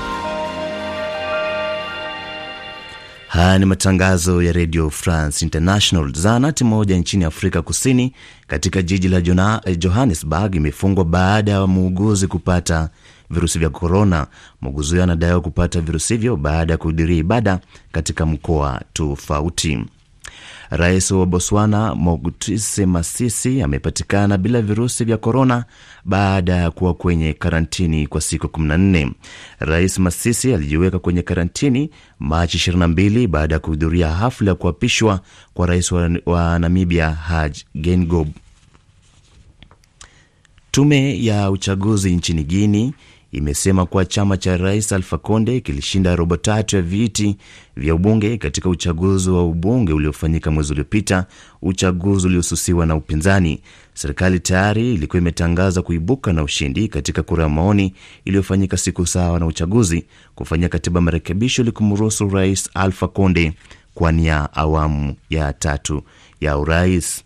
Haya ni matangazo ya Radio France International. Zahanati moja nchini Afrika Kusini katika jiji la eh, Johannesburg imefungwa baada ya muuguzi kupata virusi vya korona. Muuguzi huyo anadaiwa kupata virusi hivyo baada ya kuhudhuria ibada katika mkoa tofauti. Rais wa Botswana Mogtise Masisi amepatikana bila virusi vya korona baada ya kuwa kwenye karantini kwa siku 14. Rais Masisi alijiweka kwenye karantini Machi 22 baada ya kuhudhuria hafla ya kuapishwa kwa rais wa, wa Namibia Hage Geingob. Tume ya uchaguzi nchini Guinea imesema kuwa chama cha rais Alfa Conde kilishinda robo tatu ya viti vya ubunge katika uchaguzi wa ubunge uliofanyika mwezi uliopita, uchaguzi uliosusiwa na upinzani. Serikali tayari ilikuwa imetangaza kuibuka na ushindi katika kura ya maoni iliyofanyika siku sawa na uchaguzi kufanyia katiba marekebisho ili kumruhusu rais Alfa Conde nia awamu ya tatu ya urais.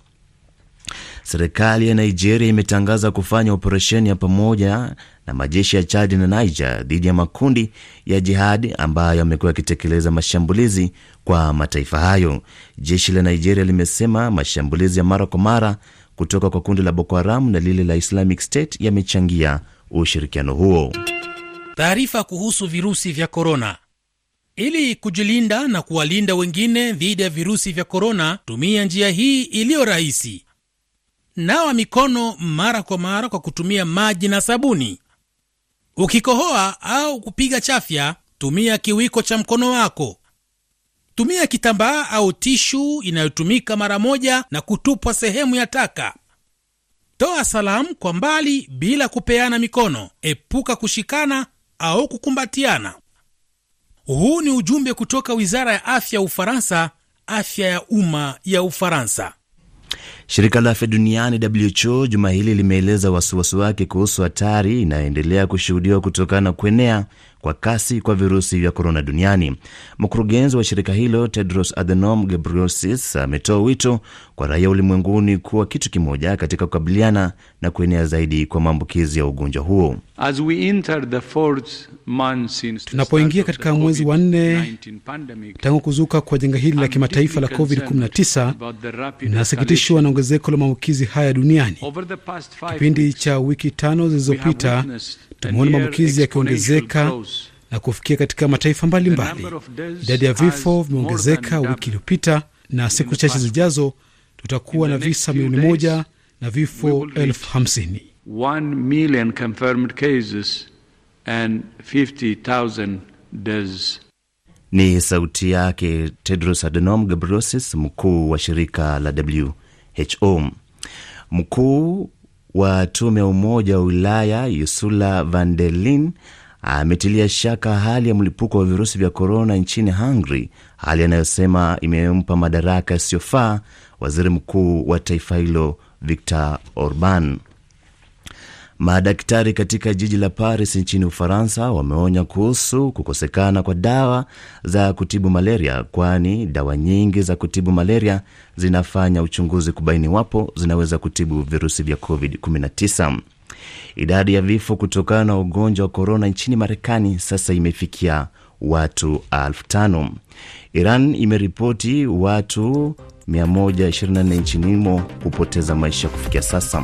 Serikali ya Nigeria imetangaza kufanya operesheni ya pamoja na majeshi ya Chad na Niger dhidi ya makundi ya jihadi ambayo yamekuwa yakitekeleza mashambulizi kwa mataifa hayo. Jeshi la Nigeria limesema mashambulizi ya mara kwa mara kutoka kwa kundi la Boko Haram na lile la Islamic State yamechangia ushirikiano huo. Taarifa kuhusu virusi vya korona. Ili kujilinda na kuwalinda wengine dhidi ya virusi vya korona, tumia njia hii iliyo rahisi nawa mikono mara kwa mara kwa kutumia maji na sabuni. Ukikohoa au kupiga chafya, tumia kiwiko cha mkono wako. Tumia kitambaa au tishu inayotumika mara moja na kutupwa sehemu ya taka. Toa salamu kwa mbali bila kupeana mikono. Epuka kushikana au kukumbatiana. Huu ni ujumbe kutoka Wizara ya Afya ya Ufaransa, afya ya umma ya Ufaransa. Shirika la afya duniani WHO juma hili limeeleza wasiwasi wake kuhusu hatari inayoendelea kushuhudiwa kutokana na kuenea kwa kasi kwa virusi vya korona duniani. Mkurugenzi wa shirika hilo Tedros Adhanom Ghebreyesus ametoa wito kwa raia ulimwenguni kuwa kitu kimoja katika kukabiliana na kuenea zaidi kwa maambukizi ya ugonjwa huo. Tunapoingia katika mwezi wa nne tangu kuzuka kwa janga hili la kimataifa la COVID-19, inasikitishwa na ongezeko la maambukizi haya duniani. Kipindi cha wiki tano zilizopita tumeona maambukizi yakiongezeka na kufikia katika mataifa mbalimbali. Idadi ya vifo vimeongezeka wiki iliyopita, na siku chache zijazo tutakuwa na visa milioni moja na vifo elfu hamsini. Ni sauti yake Tedros Adhanom Ghebreyesus, mkuu wa shirika la WHO. Mkuu wa tume ya Umoja wa Ulaya Ursula von der Leyen ametilia shaka hali ya mlipuko wa virusi vya korona nchini Hungary, hali anayosema imempa madaraka yasiyofaa waziri mkuu wa taifa hilo Viktor Orban. Madaktari katika jiji la Paris nchini Ufaransa wameonya kuhusu kukosekana kwa dawa za kutibu malaria, kwani dawa nyingi za kutibu malaria zinafanya uchunguzi kubaini iwapo zinaweza kutibu virusi vya COVID-19. Idadi ya vifo kutokana na ugonjwa wa korona nchini Marekani sasa imefikia watu elfu tano. Iran imeripoti watu 124 nchini humo kupoteza maisha kufikia sasa.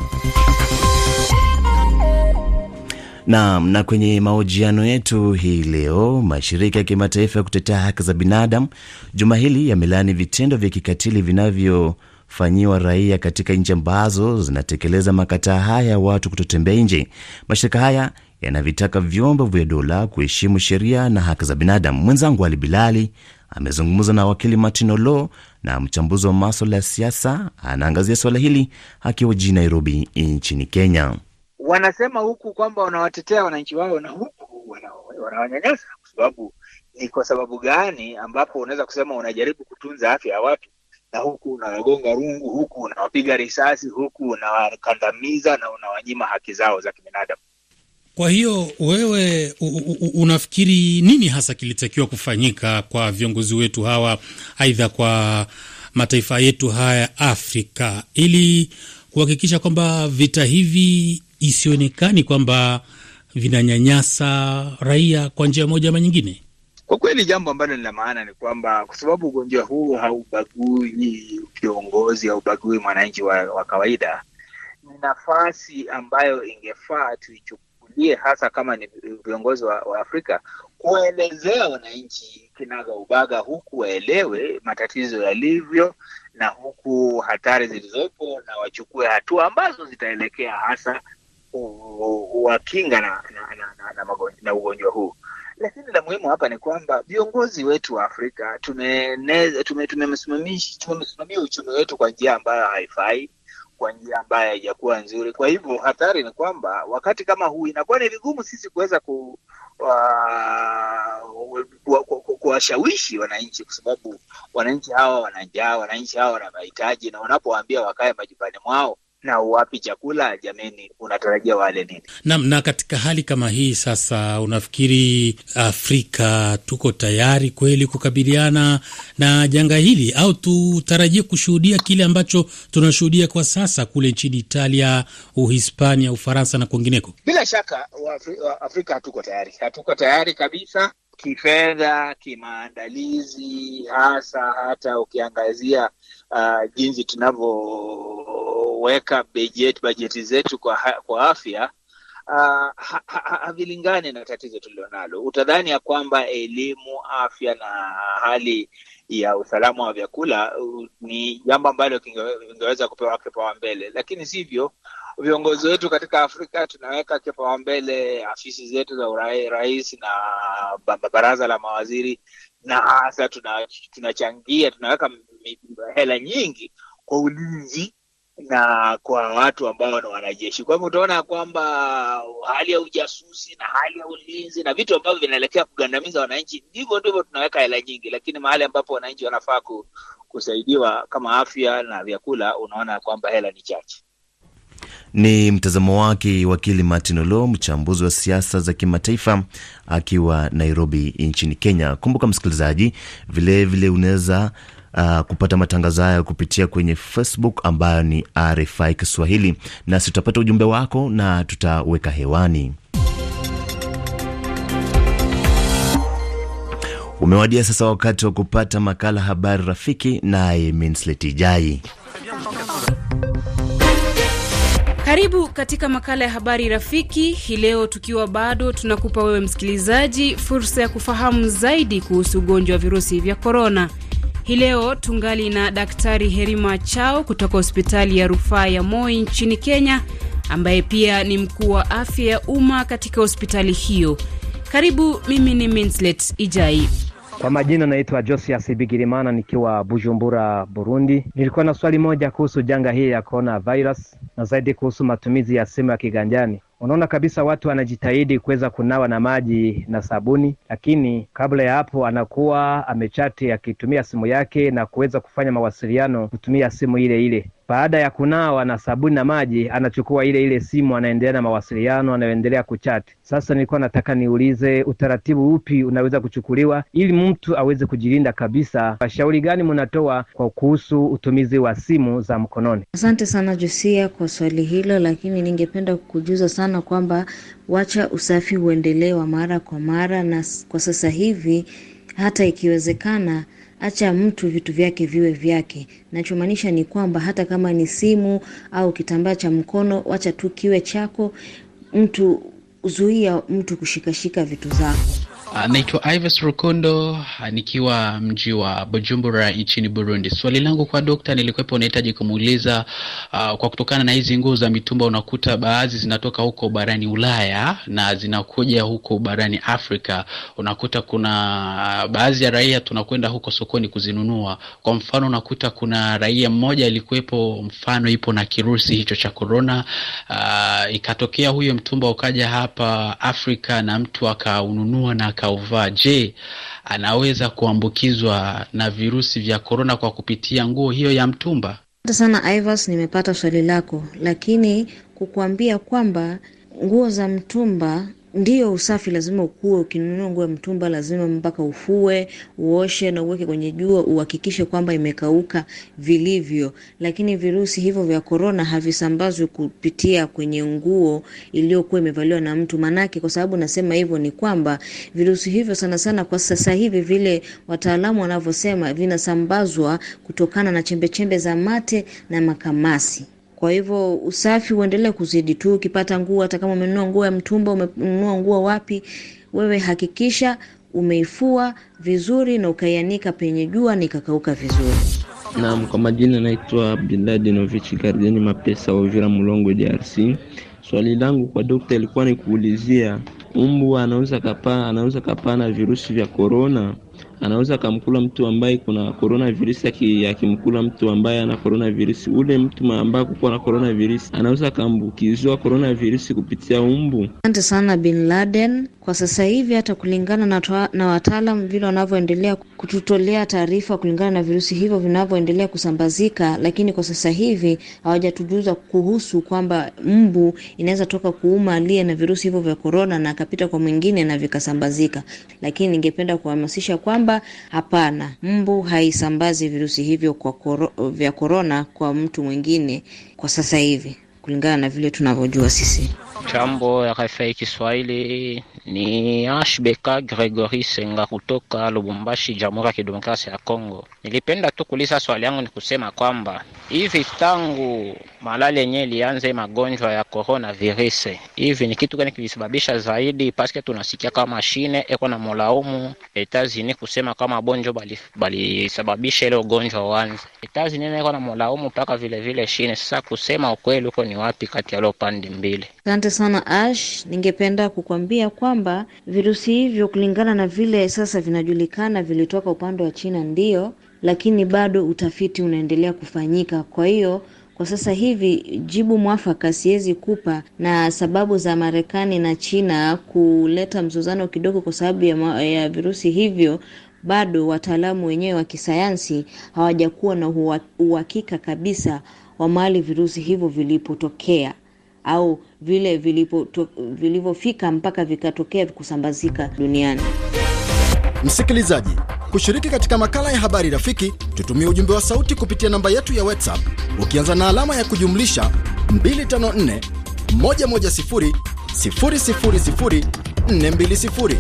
Naam, na kwenye mahojiano yetu hii leo, mashirika ya kimataifa ya kutetea haki za binadamu juma hili yamelaani vitendo vya kikatili vinavyo fanyiwa raia katika nchi ambazo zinatekeleza makataa haya ya watu kutotembea nje. Mashirika haya yanavitaka vyombo vya dola kuheshimu sheria na haki za binadamu. Mwenzangu Ali Bilali amezungumza na wakili Martin Olo na mchambuzi wa maswala ya siasa, anaangazia swala hili akiwa jijini Nairobi nchini Kenya. Wanasema huku kwamba wanawatetea wananchi wao na huku wanawanyanyasa. Kwa sababu ni kwa sababu gani ambapo unaweza kusema unajaribu kutunza afya ya watu na huku unawagonga rungu, huku unawapiga risasi, huku unawakandamiza na unawanyima haki zao za kibinadamu. Kwa hiyo wewe u, u, unafikiri nini hasa kilitakiwa kufanyika kwa viongozi wetu hawa, aidha kwa mataifa yetu haya Afrika, ili kuhakikisha kwamba vita hivi isionekani kwamba vinanyanyasa raia kwa njia moja ama nyingine? Kwa kweli jambo ambalo ni la maana ni kwamba kwa sababu ugonjwa huu haubagui viongozi, haubagui mwananchi wa, wa kawaida, ni nafasi ambayo ingefaa tuichukulie, hasa kama ni viongozi wa, wa Afrika kuwaelezea wananchi kinaga ubaga, huku waelewe matatizo yalivyo na huku hatari zilizopo, na wachukue hatua ambazo zitaelekea hasa wakinga na, na, na, na, na, na ugonjwa huu. Lakini la muhimu hapa ni kwamba viongozi wetu wa Afrika tumemsimamia tume, tume uchumi wetu kwa njia ambayo haifai, kwa njia ambayo haijakuwa nzuri. Kwa hivyo hatari ni kwamba wakati kama huu inakuwa ni vigumu sisi kuweza ku uh, kuwashawishi wananchi, kwa sababu wananchi hawa wana njaa, wananchi hawa wana mahitaji, na unapowaambia wakae majumbani mwao na wapi chakula jameni, unatarajia wale nini? Naam. Na katika hali kama hii sasa, unafikiri Afrika tuko tayari kweli kukabiliana na janga hili, au tutarajie kushuhudia kile ambacho tunashuhudia kwa sasa kule nchini Italia, Uhispania, Ufaransa na kwingineko? Bila shaka wa Afrika, wa Afrika hatuko tayari, hatuko tayari kabisa kifedha, kimaandalizi, hasa hata ukiangazia uh, jinsi tunavyoweka bajeti zetu kwa, kwa afya uh, havilingani ha, ha, na tatizo tulilonalo. Utadhani ya kwamba elimu, afya na hali ya usalama wa vyakula uh, ni jambo ambalo ingeweza kupewa kipawa mbele lakini sivyo viongozi wetu katika Afrika tunaweka kipaumbele afisi zetu za rais na baraza la mawaziri, na hasa tunachangia tuna tunaweka hela nyingi kwa ulinzi na kwa watu ambao ni wanajeshi. Kwa hivyo utaona kwamba hali ya ujasusi na hali ya ulinzi na vitu ambavyo vinaelekea kugandamiza wananchi, ndivyo ndivyo tunaweka hela nyingi, lakini mahali ambapo wananchi wanafaa kusaidiwa kama afya na vyakula, unaona kwamba hela ni chache. Ni mtazamo wake wakili Martin Olo, mchambuzi wa siasa za kimataifa akiwa Nairobi nchini Kenya. Kumbuka msikilizaji, vilevile unaweza Uh, kupata matangazo haya kupitia kwenye Facebook ambayo ni RFI Kiswahili, nasi tutapata ujumbe wako na tutaweka hewani. Umewadia sasa wakati wa kupata makala habari rafiki, naye Minslet Ijai karibu katika makala ya habari rafiki hii leo, tukiwa bado tunakupa wewe msikilizaji fursa ya kufahamu zaidi kuhusu ugonjwa wa virusi vya korona. Hii leo tungali na Daktari Herima Chao kutoka hospitali ya rufaa ya Moi nchini Kenya, ambaye pia ni mkuu wa afya ya umma katika hospitali hiyo. Karibu, mimi ni Minslet Ijai. Kwa majina naitwa Josias Bigirimana nikiwa Bujumbura, Burundi. Nilikuwa na swali moja kuhusu janga hii ya corona virus na zaidi kuhusu matumizi ya simu ya kiganjani. Unaona kabisa watu wanajitahidi kuweza kunawa na maji na sabuni, lakini kabla ya hapo anakuwa amechati akitumia simu yake na kuweza kufanya mawasiliano kutumia simu ile ile. Baada ya kunawa na sabuni na maji, anachukua ile ile simu, anaendelea na mawasiliano, anaendelea kuchati. Sasa nilikuwa nataka niulize utaratibu upi unaweza kuchukuliwa ili mtu aweze kujilinda kabisa? Washauri gani mnatoa kwa kuhusu utumizi wa simu za mkononi? Asante sana Josia kwa swali hilo, lakini ningependa kukujuza sana kwamba wacha usafi uendelee wa mara kwa mara, na kwa sasa hivi hata ikiwezekana acha mtu vitu vyake viwe vyake. Nachomaanisha ni kwamba hata kama ni simu au kitambaa cha mkono, wacha tu kiwe chako. Mtu zuia mtu kushikashika vitu zako. Uh, naitwa Ives Rukundo uh, nikiwa mji wa Bujumbura nchini Burundi. Swali langu kwa dokta nilikuwepo nahitaji kumuuliza uh, kwa kutokana na hizi nguo za mitumba unakuta baadhi zinatoka huko barani Ulaya na zinakuja huko barani Afrika. Unakuta kuna uh, baadhi ya raia tunakwenda huko sokoni kuzinunua. Kwa mfano unakuta kuna raia mmoja alikuwepo, mfano ipo na kirusi hicho cha korona, uh, ikatokea huyo mtumba ukaja hapa Afrika na mtu akaununua na akauvaa, je, anaweza kuambukizwa na virusi vya korona kwa kupitia nguo hiyo ya mtumba? Asante sana Ivas, nimepata swali lako, lakini kukuambia kwamba nguo za mtumba ndio usafi lazima ukue. Ukinunua nguo ya mtumba lazima mpaka ufue, uoshe na uweke kwenye jua, uhakikishe kwamba imekauka vilivyo. Lakini virusi hivyo vya korona havisambazwi kupitia kwenye nguo iliyokuwa imevaliwa na mtu. Manake, kwa sababu nasema hivyo ni kwamba virusi hivyo sana sana kwa sasa hivi, vile wataalamu wanavyosema, vinasambazwa kutokana na chembechembe za mate na makamasi. Kwa hivyo usafi uendelee kuzidi tu. Ukipata nguo, hata kama umenunua nguo ya mtumba, umenunua nguo wapi, wewe hakikisha umeifua vizuri na ukaianika penye jua na ikakauka vizuri. Naam, kwa majina naitwa Abdullah Dinovich Gardeni Mapesa wa Uvira Mulongo, DRC. Swali langu kwa daktari ilikuwa ni kuulizia, mbwa anaweza kapaa anaweza kapaa na virusi vya korona? anaweza akamkula mtu ambaye kuna corona virus, akimkula mtu ambaye ana corona virus, ule mtu ambaye kukuwa na corona virus anaweza akaambukizwa corona virus kupitia umbu. Asante sana Bin Laden. Kwa sasa hivi hata kulingana na, na wataalam vile wanavyoendelea kututolea taarifa kulingana na virusi hivyo vinavyoendelea kusambazika, lakini kwa sasa hivi hawajatujuza kuhusu kwamba mbu inaweza toka kuuma aliye na virusi hivyo vya korona na akapita kwa mwingine na vikasambazika, lakini ningependa kuhamasisha kwamba kwamba hapana, mbu haisambazi virusi hivyo kwa koro, vya korona kwa mtu mwingine kwa sasa hivi kulingana na vile tunavyojua sisi. Jambo ya RFI Kiswahili ni Ashbeka Gregory Senga kutoka Lubumbashi, Jamhuri ya Kidemokrasia ya Kongo. Nilipenda tu kuuliza swali yangu ni kusema kwamba hivi tangu malali yenyewe ilianze magonjwa ya corona virus. Hivi ni kitu gani kilisababisha zaidi? Paske tunasikia kama mashine eko na mulaumu Etazini kusema kama bonjo balisababisha bali ile ugonjwa uanze. Etazini eko na mulaumu mpaka vilevile shine. Sasa kusema ukweli, huko ni wapi kati ya pande mbili? Asante sana Ash, ningependa kukwambia kwamba virusi hivyo kulingana na vile sasa vinajulikana vilitoka upande wa China, ndio lakini bado utafiti unaendelea kufanyika, kwa hiyo kwa sasa hivi jibu mwafaka siwezi kupa, na sababu za Marekani na China kuleta mzozano kidogo kwa sababu ya, ya virusi hivyo bado wataalamu wenyewe wa kisayansi hawajakuwa na uhakika kabisa wa mahali virusi hivyo vilipotokea au vile vilivyofika mpaka vikatokea kusambazika duniani. Msikilizaji, Kushiriki katika makala ya habari rafiki, tutumie ujumbe wa sauti kupitia namba yetu ya WhatsApp ukianza na alama ya kujumlisha 254 110 000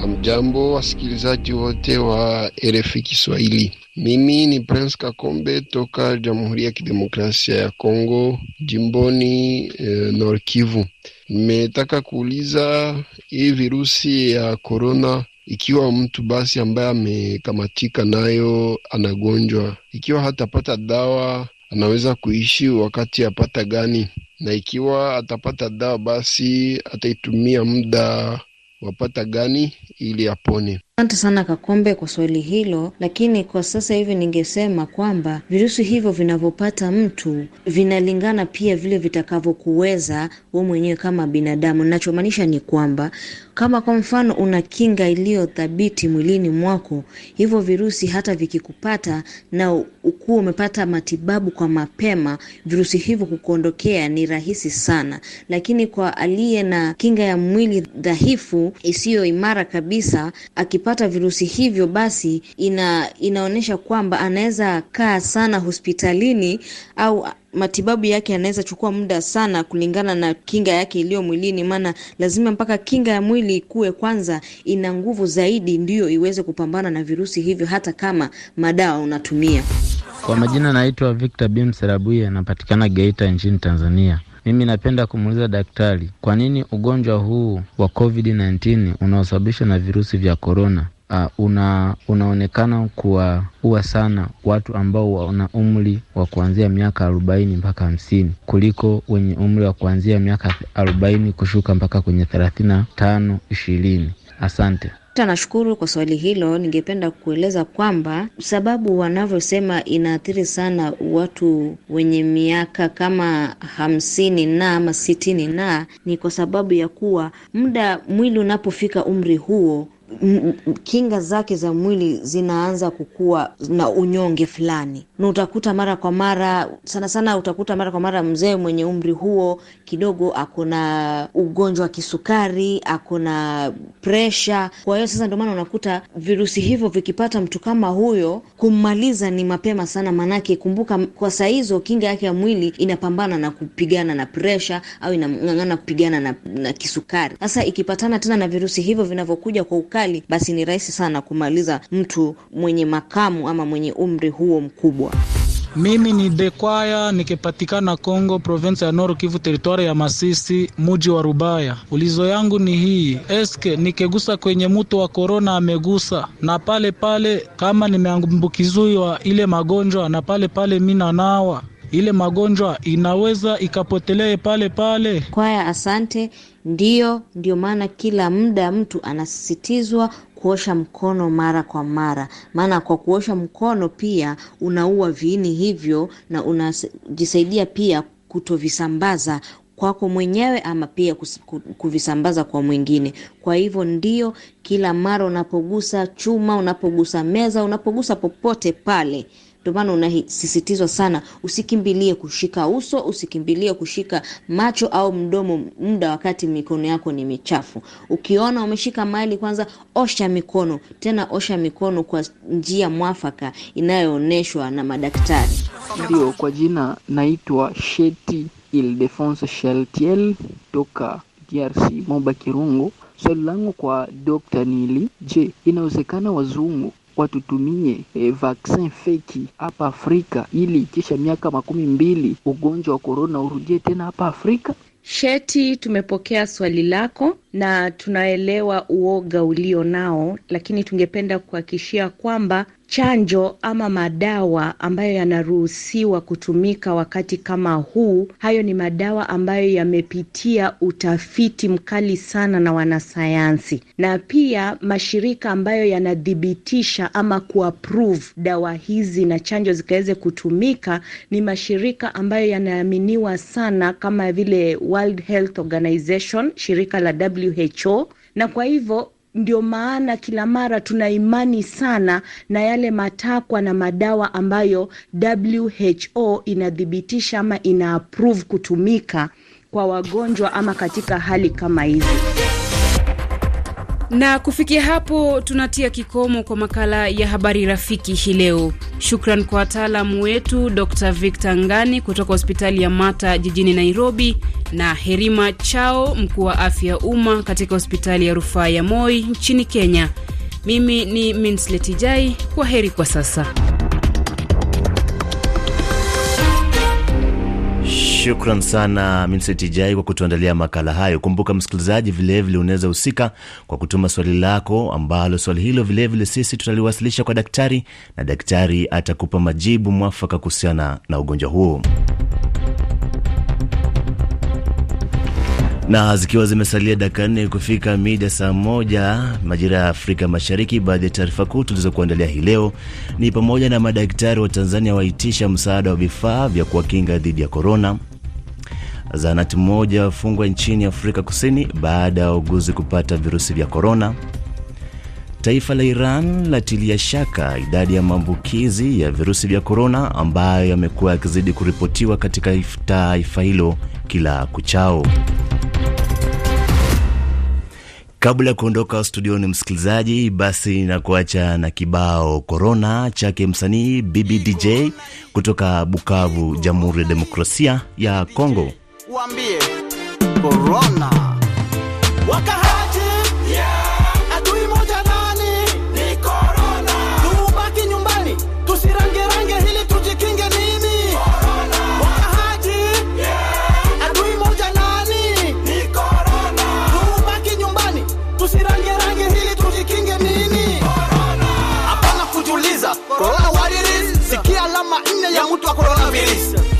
420. wasikilizaji wote wa RFI Kiswahili. Mimi ni Prince Kakombe toka Jamhuri ya Kidemokrasia ya Kongo, jimboni eh, Nord Kivu. Nimetaka kuuliza hii virusi ya korona ikiwa mtu basi ambaye amekamatika nayo anagonjwa, ikiwa hatapata dawa anaweza kuishi wakati apata gani? Na ikiwa atapata dawa basi ataitumia muda wapata gani ili apone? Asante sana Kakombe kwa swali hilo, lakini kwa sasa hivi ningesema kwamba virusi hivyo vinavyopata mtu vinalingana pia vile vitakavyokuweza wewe mwenyewe kama binadamu. Ninachomaanisha ni kwamba kama kwa mfano una kinga iliyo thabiti mwilini mwako, hivyo virusi hata vikikupata na ukuwa umepata matibabu kwa mapema, virusi hivyo kukuondokea ni rahisi sana. Lakini kwa aliye na kinga ya mwili dhaifu isiyo imara kabisa aki kupata virusi hivyo, basi ina inaonyesha kwamba anaweza kaa sana hospitalini au matibabu yake yanaweza chukua muda sana kulingana na kinga yake iliyo mwilini, maana lazima mpaka kinga ya mwili kuwe kwanza ina nguvu zaidi, ndiyo iweze kupambana na virusi hivyo, hata kama madawa unatumia. Kwa majina naitwa Victor Serabuye, anapatikana Geita nchini Tanzania. Mimi napenda kumuuliza daktari, kwa nini ugonjwa huu wa COVID-19 unaosababishwa na virusi vya korona Uh, una, unaonekana kuwaua sana watu ambao wana umri wa kuanzia miaka arobaini mpaka hamsini kuliko wenye umri wa kuanzia miaka arobaini kushuka mpaka kwenye thelathini na tano ishirini. Asante. Nashukuru kwa swali hilo. Ningependa kueleza kwamba sababu wanavyosema inaathiri sana watu wenye miaka kama hamsini na ama sitini na ni kwa sababu ya kuwa muda mwili unapofika umri huo kinga zake za mwili zinaanza kukua na unyonge fulani, na utakuta mara kwa mara, sana sana utakuta mara kwa mara mzee mwenye umri huo kidogo ako na ugonjwa wa kisukari, ako na presha. Kwa hiyo sasa, ndio maana unakuta virusi hivyo vikipata mtu kama huyo, kummaliza ni mapema sana, maanake kumbuka, kwa saa hizo kinga yake ya mwili inapambana na kupigana na presha au inang'ang'ana kupigana na, na kisukari. Sasa ikipatana tena na virusi hivyo vinavyokuja kwa ukali serikali, basi ni rahisi sana kumaliza mtu mwenye makamu ama mwenye umri huo mkubwa. Mimi ni Dekwaya nikipatikana Kongo, province ya nor Kivu, teritwari ya Masisi, muji wa Rubaya. Ulizo yangu ni hii, eske nikigusa kwenye mutu wa korona amegusa na pale pale, kama nimeambukiziwa ile magonjwa na pale pale mina nawa ile magonjwa inaweza ikapotelee pale pale. Kwaya, asante. Ndiyo, ndio maana kila muda mtu anasisitizwa kuosha mkono mara kwa mara, maana kwa kuosha mkono pia unaua viini hivyo na unajisaidia pia kutovisambaza kwako mwenyewe ama pia kuvisambaza kwa mwingine. Kwa hivyo ndio kila mara unapogusa chuma, unapogusa meza, unapogusa popote pale ndio maana unasisitizwa sana usikimbilie kushika uso, usikimbilie kushika macho au mdomo muda wakati mikono yako ni michafu. Ukiona umeshika maili, kwanza osha mikono, tena osha mikono kwa njia mwafaka inayoonyeshwa na madaktari. Ndio, kwa jina naitwa Sheti Ildefonso sheltiel toka DRC, Moba Kirungu. Swali langu kwa Dr. Nili, je, inawezekana wazungu watutumie e, eh, vaksin feki hapa Afrika ili kisha miaka makumi mbili ugonjwa wa korona urudie tena hapa Afrika. Sheti, tumepokea swali lako na tunaelewa uoga ulio nao, lakini tungependa kuhakikishia kwamba chanjo ama madawa ambayo yanaruhusiwa kutumika wakati kama huu, hayo ni madawa ambayo yamepitia utafiti mkali sana na wanasayansi, na pia mashirika ambayo yanathibitisha ama kuapprove dawa hizi na chanjo zikaweze kutumika ni mashirika ambayo yanaaminiwa sana kama vile World Health Organization, shirika la WHO na kwa hivyo ndio maana kila mara tuna imani sana na yale matakwa na madawa ambayo WHO inathibitisha ama ina approve kutumika kwa wagonjwa ama katika hali kama hizi. Na kufikia hapo tunatia kikomo kwa makala ya habari rafiki hii leo. Shukran kwa wataalamu wetu Dr. Victor Ngani kutoka hospitali ya Mata jijini Nairobi na Herima Chao, mkuu wa afya ya umma katika hospitali ya rufaa ya Moi nchini Kenya. Mimi ni minsletijai kwa heri kwa sasa. Shukran sana Minseti kwa kutuandalia makala hayo. Kumbuka msikilizaji, vilevile unaweza husika kwa kutuma swali lako, ambalo swali hilo vilevile sisi tutaliwasilisha kwa daktari na daktari atakupa majibu mwafaka kuhusiana na ugonjwa huo. na zikiwa zimesalia dakika nne kufika mida saa moja majira ya Afrika Mashariki, baadhi ya taarifa kuu tulizokuandalia hii leo ni pamoja na madaktari wa Tanzania waitisha msaada wa vifaa vya kuwakinga dhidi ya korona, Zahanati moja wafungwa nchini Afrika Kusini baada ya wauguzi kupata virusi vya korona. Taifa la Iran latilia shaka idadi ya maambukizi ya virusi vya korona ambayo yamekuwa yakizidi kuripotiwa katika taifa hilo kila kuchao. Kabla ya kuondoka studioni, msikilizaji, basi na kuacha na kibao korona chake msanii BBDJ kutoka Bukavu, Jamhuri ya Demokrasia ya Kongo nikuambie korona wakahati yeah. moja nani ni tuubaki nyumbani tusirangerange hili tujikinge nini corona. yeah. moja nani ni tuubaki nyumbani hili tujikinge nini hapana kujuliza alama nne ya mtu wa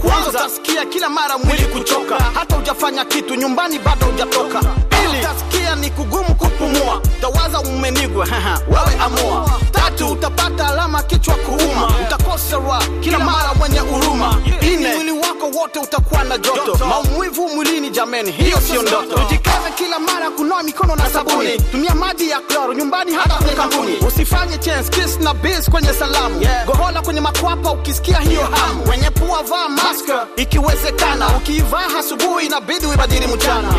kwanza utasikia kila mara mwili kuchoka, hata hujafanya kitu nyumbani bado hujatoka. Pili utasikia ni kugumu kupumua, tawaza umenigwa wewe amua tatu utapata alama kichwa kuuma, utakosa raha kila mara mwenye huruma. Ini mwili wako wote utakuwa na joto, maumivu mwilini. Jameni, hiyo sio ndoto. Tujikaze kila mara kunoa mikono na sabuni, tumia maji ya kloro nyumbani, hata kwenye kampuni. Usifanye chance kiss na bis kwenye salamu, gohola kwenye makwapa ukisikia hiyo hamu. Wenye pua vaa maska ikiwezekana, ukiivaa asubuhi inabidi uibadili mchana.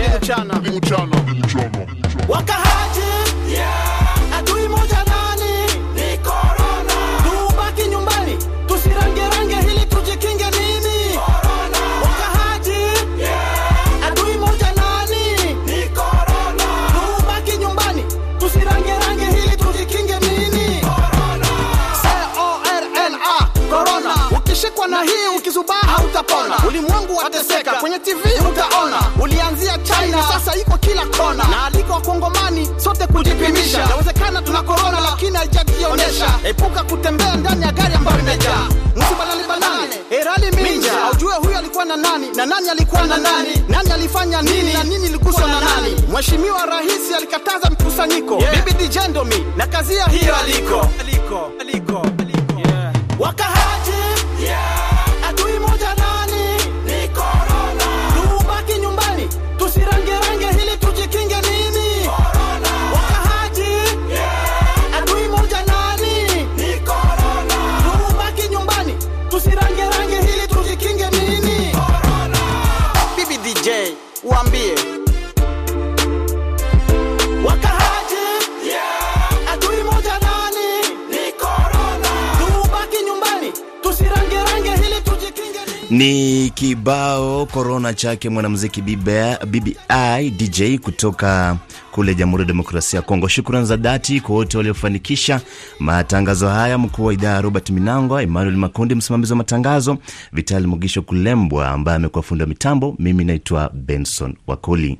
utaona ulimwengu wateseka, kwenye TV utaona ulianzia China, sasa iko kila kona, na aliko wakongomani sote kujipimisha. Nawezekana tuna korona, lakini haijajionyesha. Epuka kutembea ndani ya gari ambayo imejaa nusu banani banani, erali eh, minja, aujue huyo alikuwa na nani na nani alikuwa na nani, nani alifanya nini na nini iliguswa na nani. Mheshimiwa Rais alikataza mkusanyiko, Bibi Dijendomi na kazia hiyo aliko, aliko, aliko. Ni kibao korona chake mwanamziki BBI DJ kutoka kule Jamhuri ya Demokrasia ya Kongo. Shukrani za dhati kwa wote waliofanikisha matangazo haya, mkuu wa idara Robert Minangwa, Emmanuel Makundi msimamizi wa matangazo, Vitali Mugisho Kulembwa ambaye amekuwa fundi wa mitambo. Mimi naitwa Benson Wakoli.